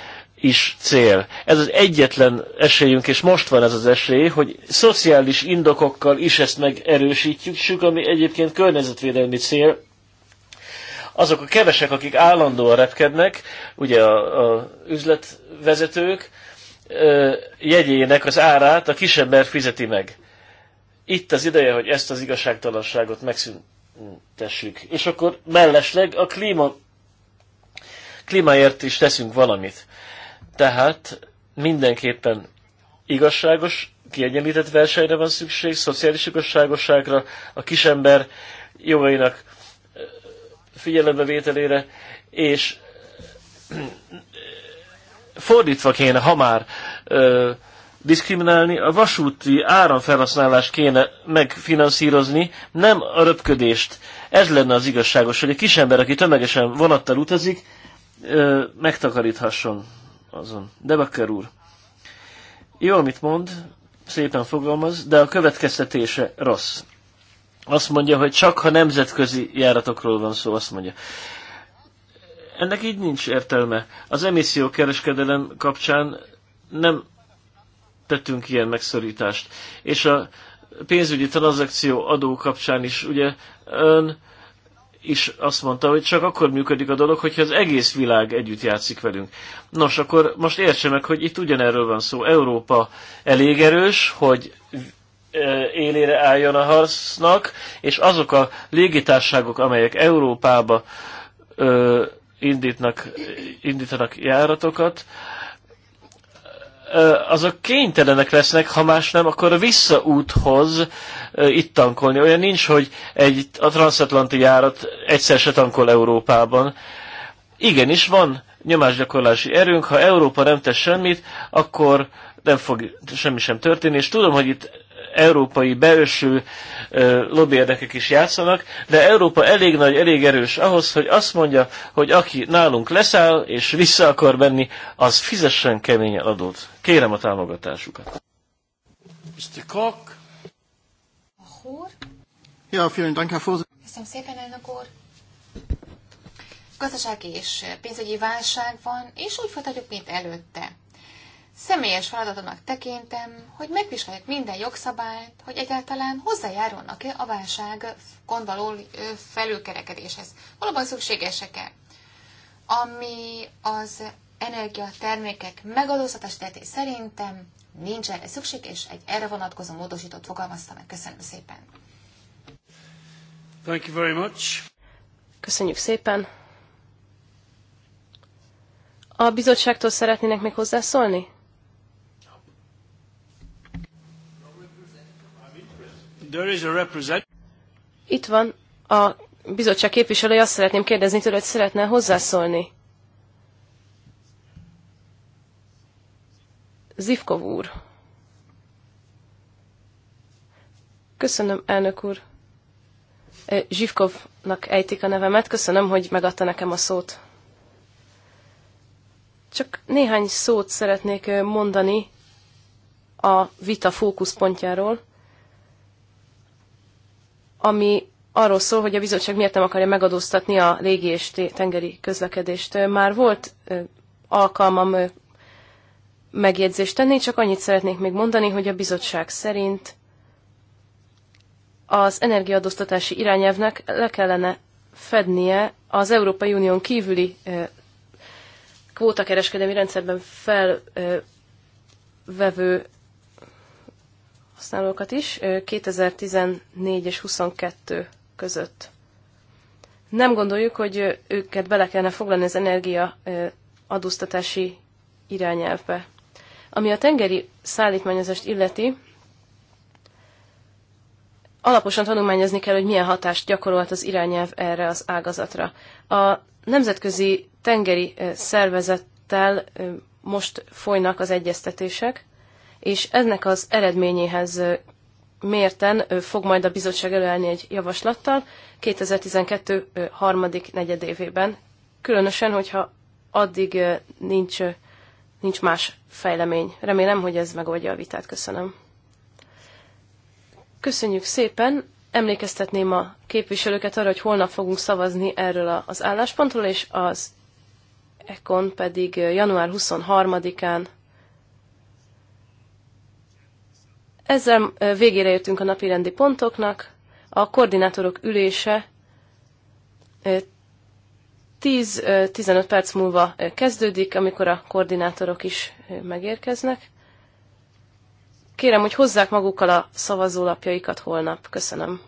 is cél. Ez az egyetlen esélyünk, és most van ez az esély, hogy szociális indokokkal is ezt megerősítjük, ami egyébként környezetvédelmi cél, azok a kevesek, akik állandóan repkednek, ugye a, a üzletvezetők, jegyének az árát a kisember fizeti meg. Itt az ideje, hogy ezt az igazságtalanságot megszüntessük. És akkor mellesleg a klíma, klímaért is teszünk valamit. Tehát mindenképpen igazságos, kiegyenlített versenyre van szükség, szociális igazságosságra, a kisember jogainak figyelembevételére, és fordítva kéne, ha már ö, diszkriminálni, a vasúti áramfelhasználást kéne megfinanszírozni, nem a röpködést. Ez lenne az igazságos, hogy egy kis ember, aki tömegesen vonattal utazik, ö, megtakaríthasson azon. Bakker úr, jó, amit mond, szépen fogalmaz, de a következtetése rossz. Azt mondja, hogy csak ha nemzetközi járatokról van szó, azt mondja ennek így nincs értelme. Az emissziókereskedelem kapcsán nem tettünk ilyen megszorítást. És a pénzügyi tranzakció adó kapcsán is, ugye ön is azt mondta, hogy csak akkor működik a dolog, hogyha az egész világ együtt játszik velünk. Nos, akkor most értse meg, hogy itt ugyanerről van szó. Európa elég erős, hogy élére álljon a harcnak, és azok a légitárságok, amelyek Európába indítnak, indítanak járatokat, azok kénytelenek lesznek, ha más nem, akkor a visszaúthoz itt tankolni. Olyan nincs, hogy egy, a transatlanti járat egyszer se tankol Európában. Igenis, van nyomásgyakorlási erőnk, ha Európa nem tesz semmit, akkor nem fog semmi sem történni, és tudom, hogy itt európai belső lobbyérdekek is játszanak, de Európa elég nagy, elég erős ahhoz, hogy azt mondja, hogy aki nálunk leszáll és vissza akar menni, az fizessen keményen adót. Kérem a támogatásukat. Mr. a Úr. Ja, vielen Dank, Herr Vorsitzender. Köszönöm szépen, elnök úr. Gazdasági és pénzügyi válság van, és úgy folytatjuk, mint előtte. Személyes feladatomnak tekintem, hogy megvizsgáljuk minden jogszabályt, hogy egyáltalán hozzájárulnak-e a válság gondvaló felülkerekedéshez. Valóban szükségesek-e? Ami az energiatermékek megadóztatás tetté szerintem nincs erre szükség, és egy erre vonatkozó módosítót fogalmazta meg. Köszönöm szépen. Thank you very much. Köszönjük szépen. A bizottságtól szeretnének még hozzászólni? Itt van a bizottság képviselője, azt szeretném kérdezni tőle, hogy szeretne hozzászólni. Zivkov úr. Köszönöm, elnök úr. Zsivkovnak ejtik a nevemet. Köszönöm, hogy megadta nekem a szót. Csak néhány szót szeretnék mondani a vita fókuszpontjáról ami arról szól, hogy a bizottság miért nem akarja megadóztatni a légi és tengeri közlekedést. Már volt alkalmam megjegyzést tenni, csak annyit szeretnék még mondani, hogy a bizottság szerint az energiaadóztatási irányelvnek le kellene fednie az Európai Unión kívüli kvótakereskedelmi rendszerben felvevő használókat is 2014 és 22 között. Nem gondoljuk, hogy őket bele kellene foglalni az energia adóztatási irányelvbe. Ami a tengeri szállítmányozást illeti, alaposan tanulmányozni kell, hogy milyen hatást gyakorolt az irányelv erre az ágazatra. A Nemzetközi Tengeri Szervezettel most folynak az egyeztetések, és ennek az eredményéhez mérten fog majd a bizottság előállni egy javaslattal 2012 harmadik negyedévében, különösen, hogyha addig nincs, nincs más fejlemény. Remélem, hogy ez megoldja a vitát. Köszönöm. Köszönjük szépen! Emlékeztetném a képviselőket arra, hogy holnap fogunk szavazni erről az álláspontról, és az ECON pedig január 23-án Ezzel végére jöttünk a napirendi pontoknak. A koordinátorok ülése 10-15 perc múlva kezdődik, amikor a koordinátorok is megérkeznek. Kérem, hogy hozzák magukkal a szavazólapjaikat holnap. Köszönöm.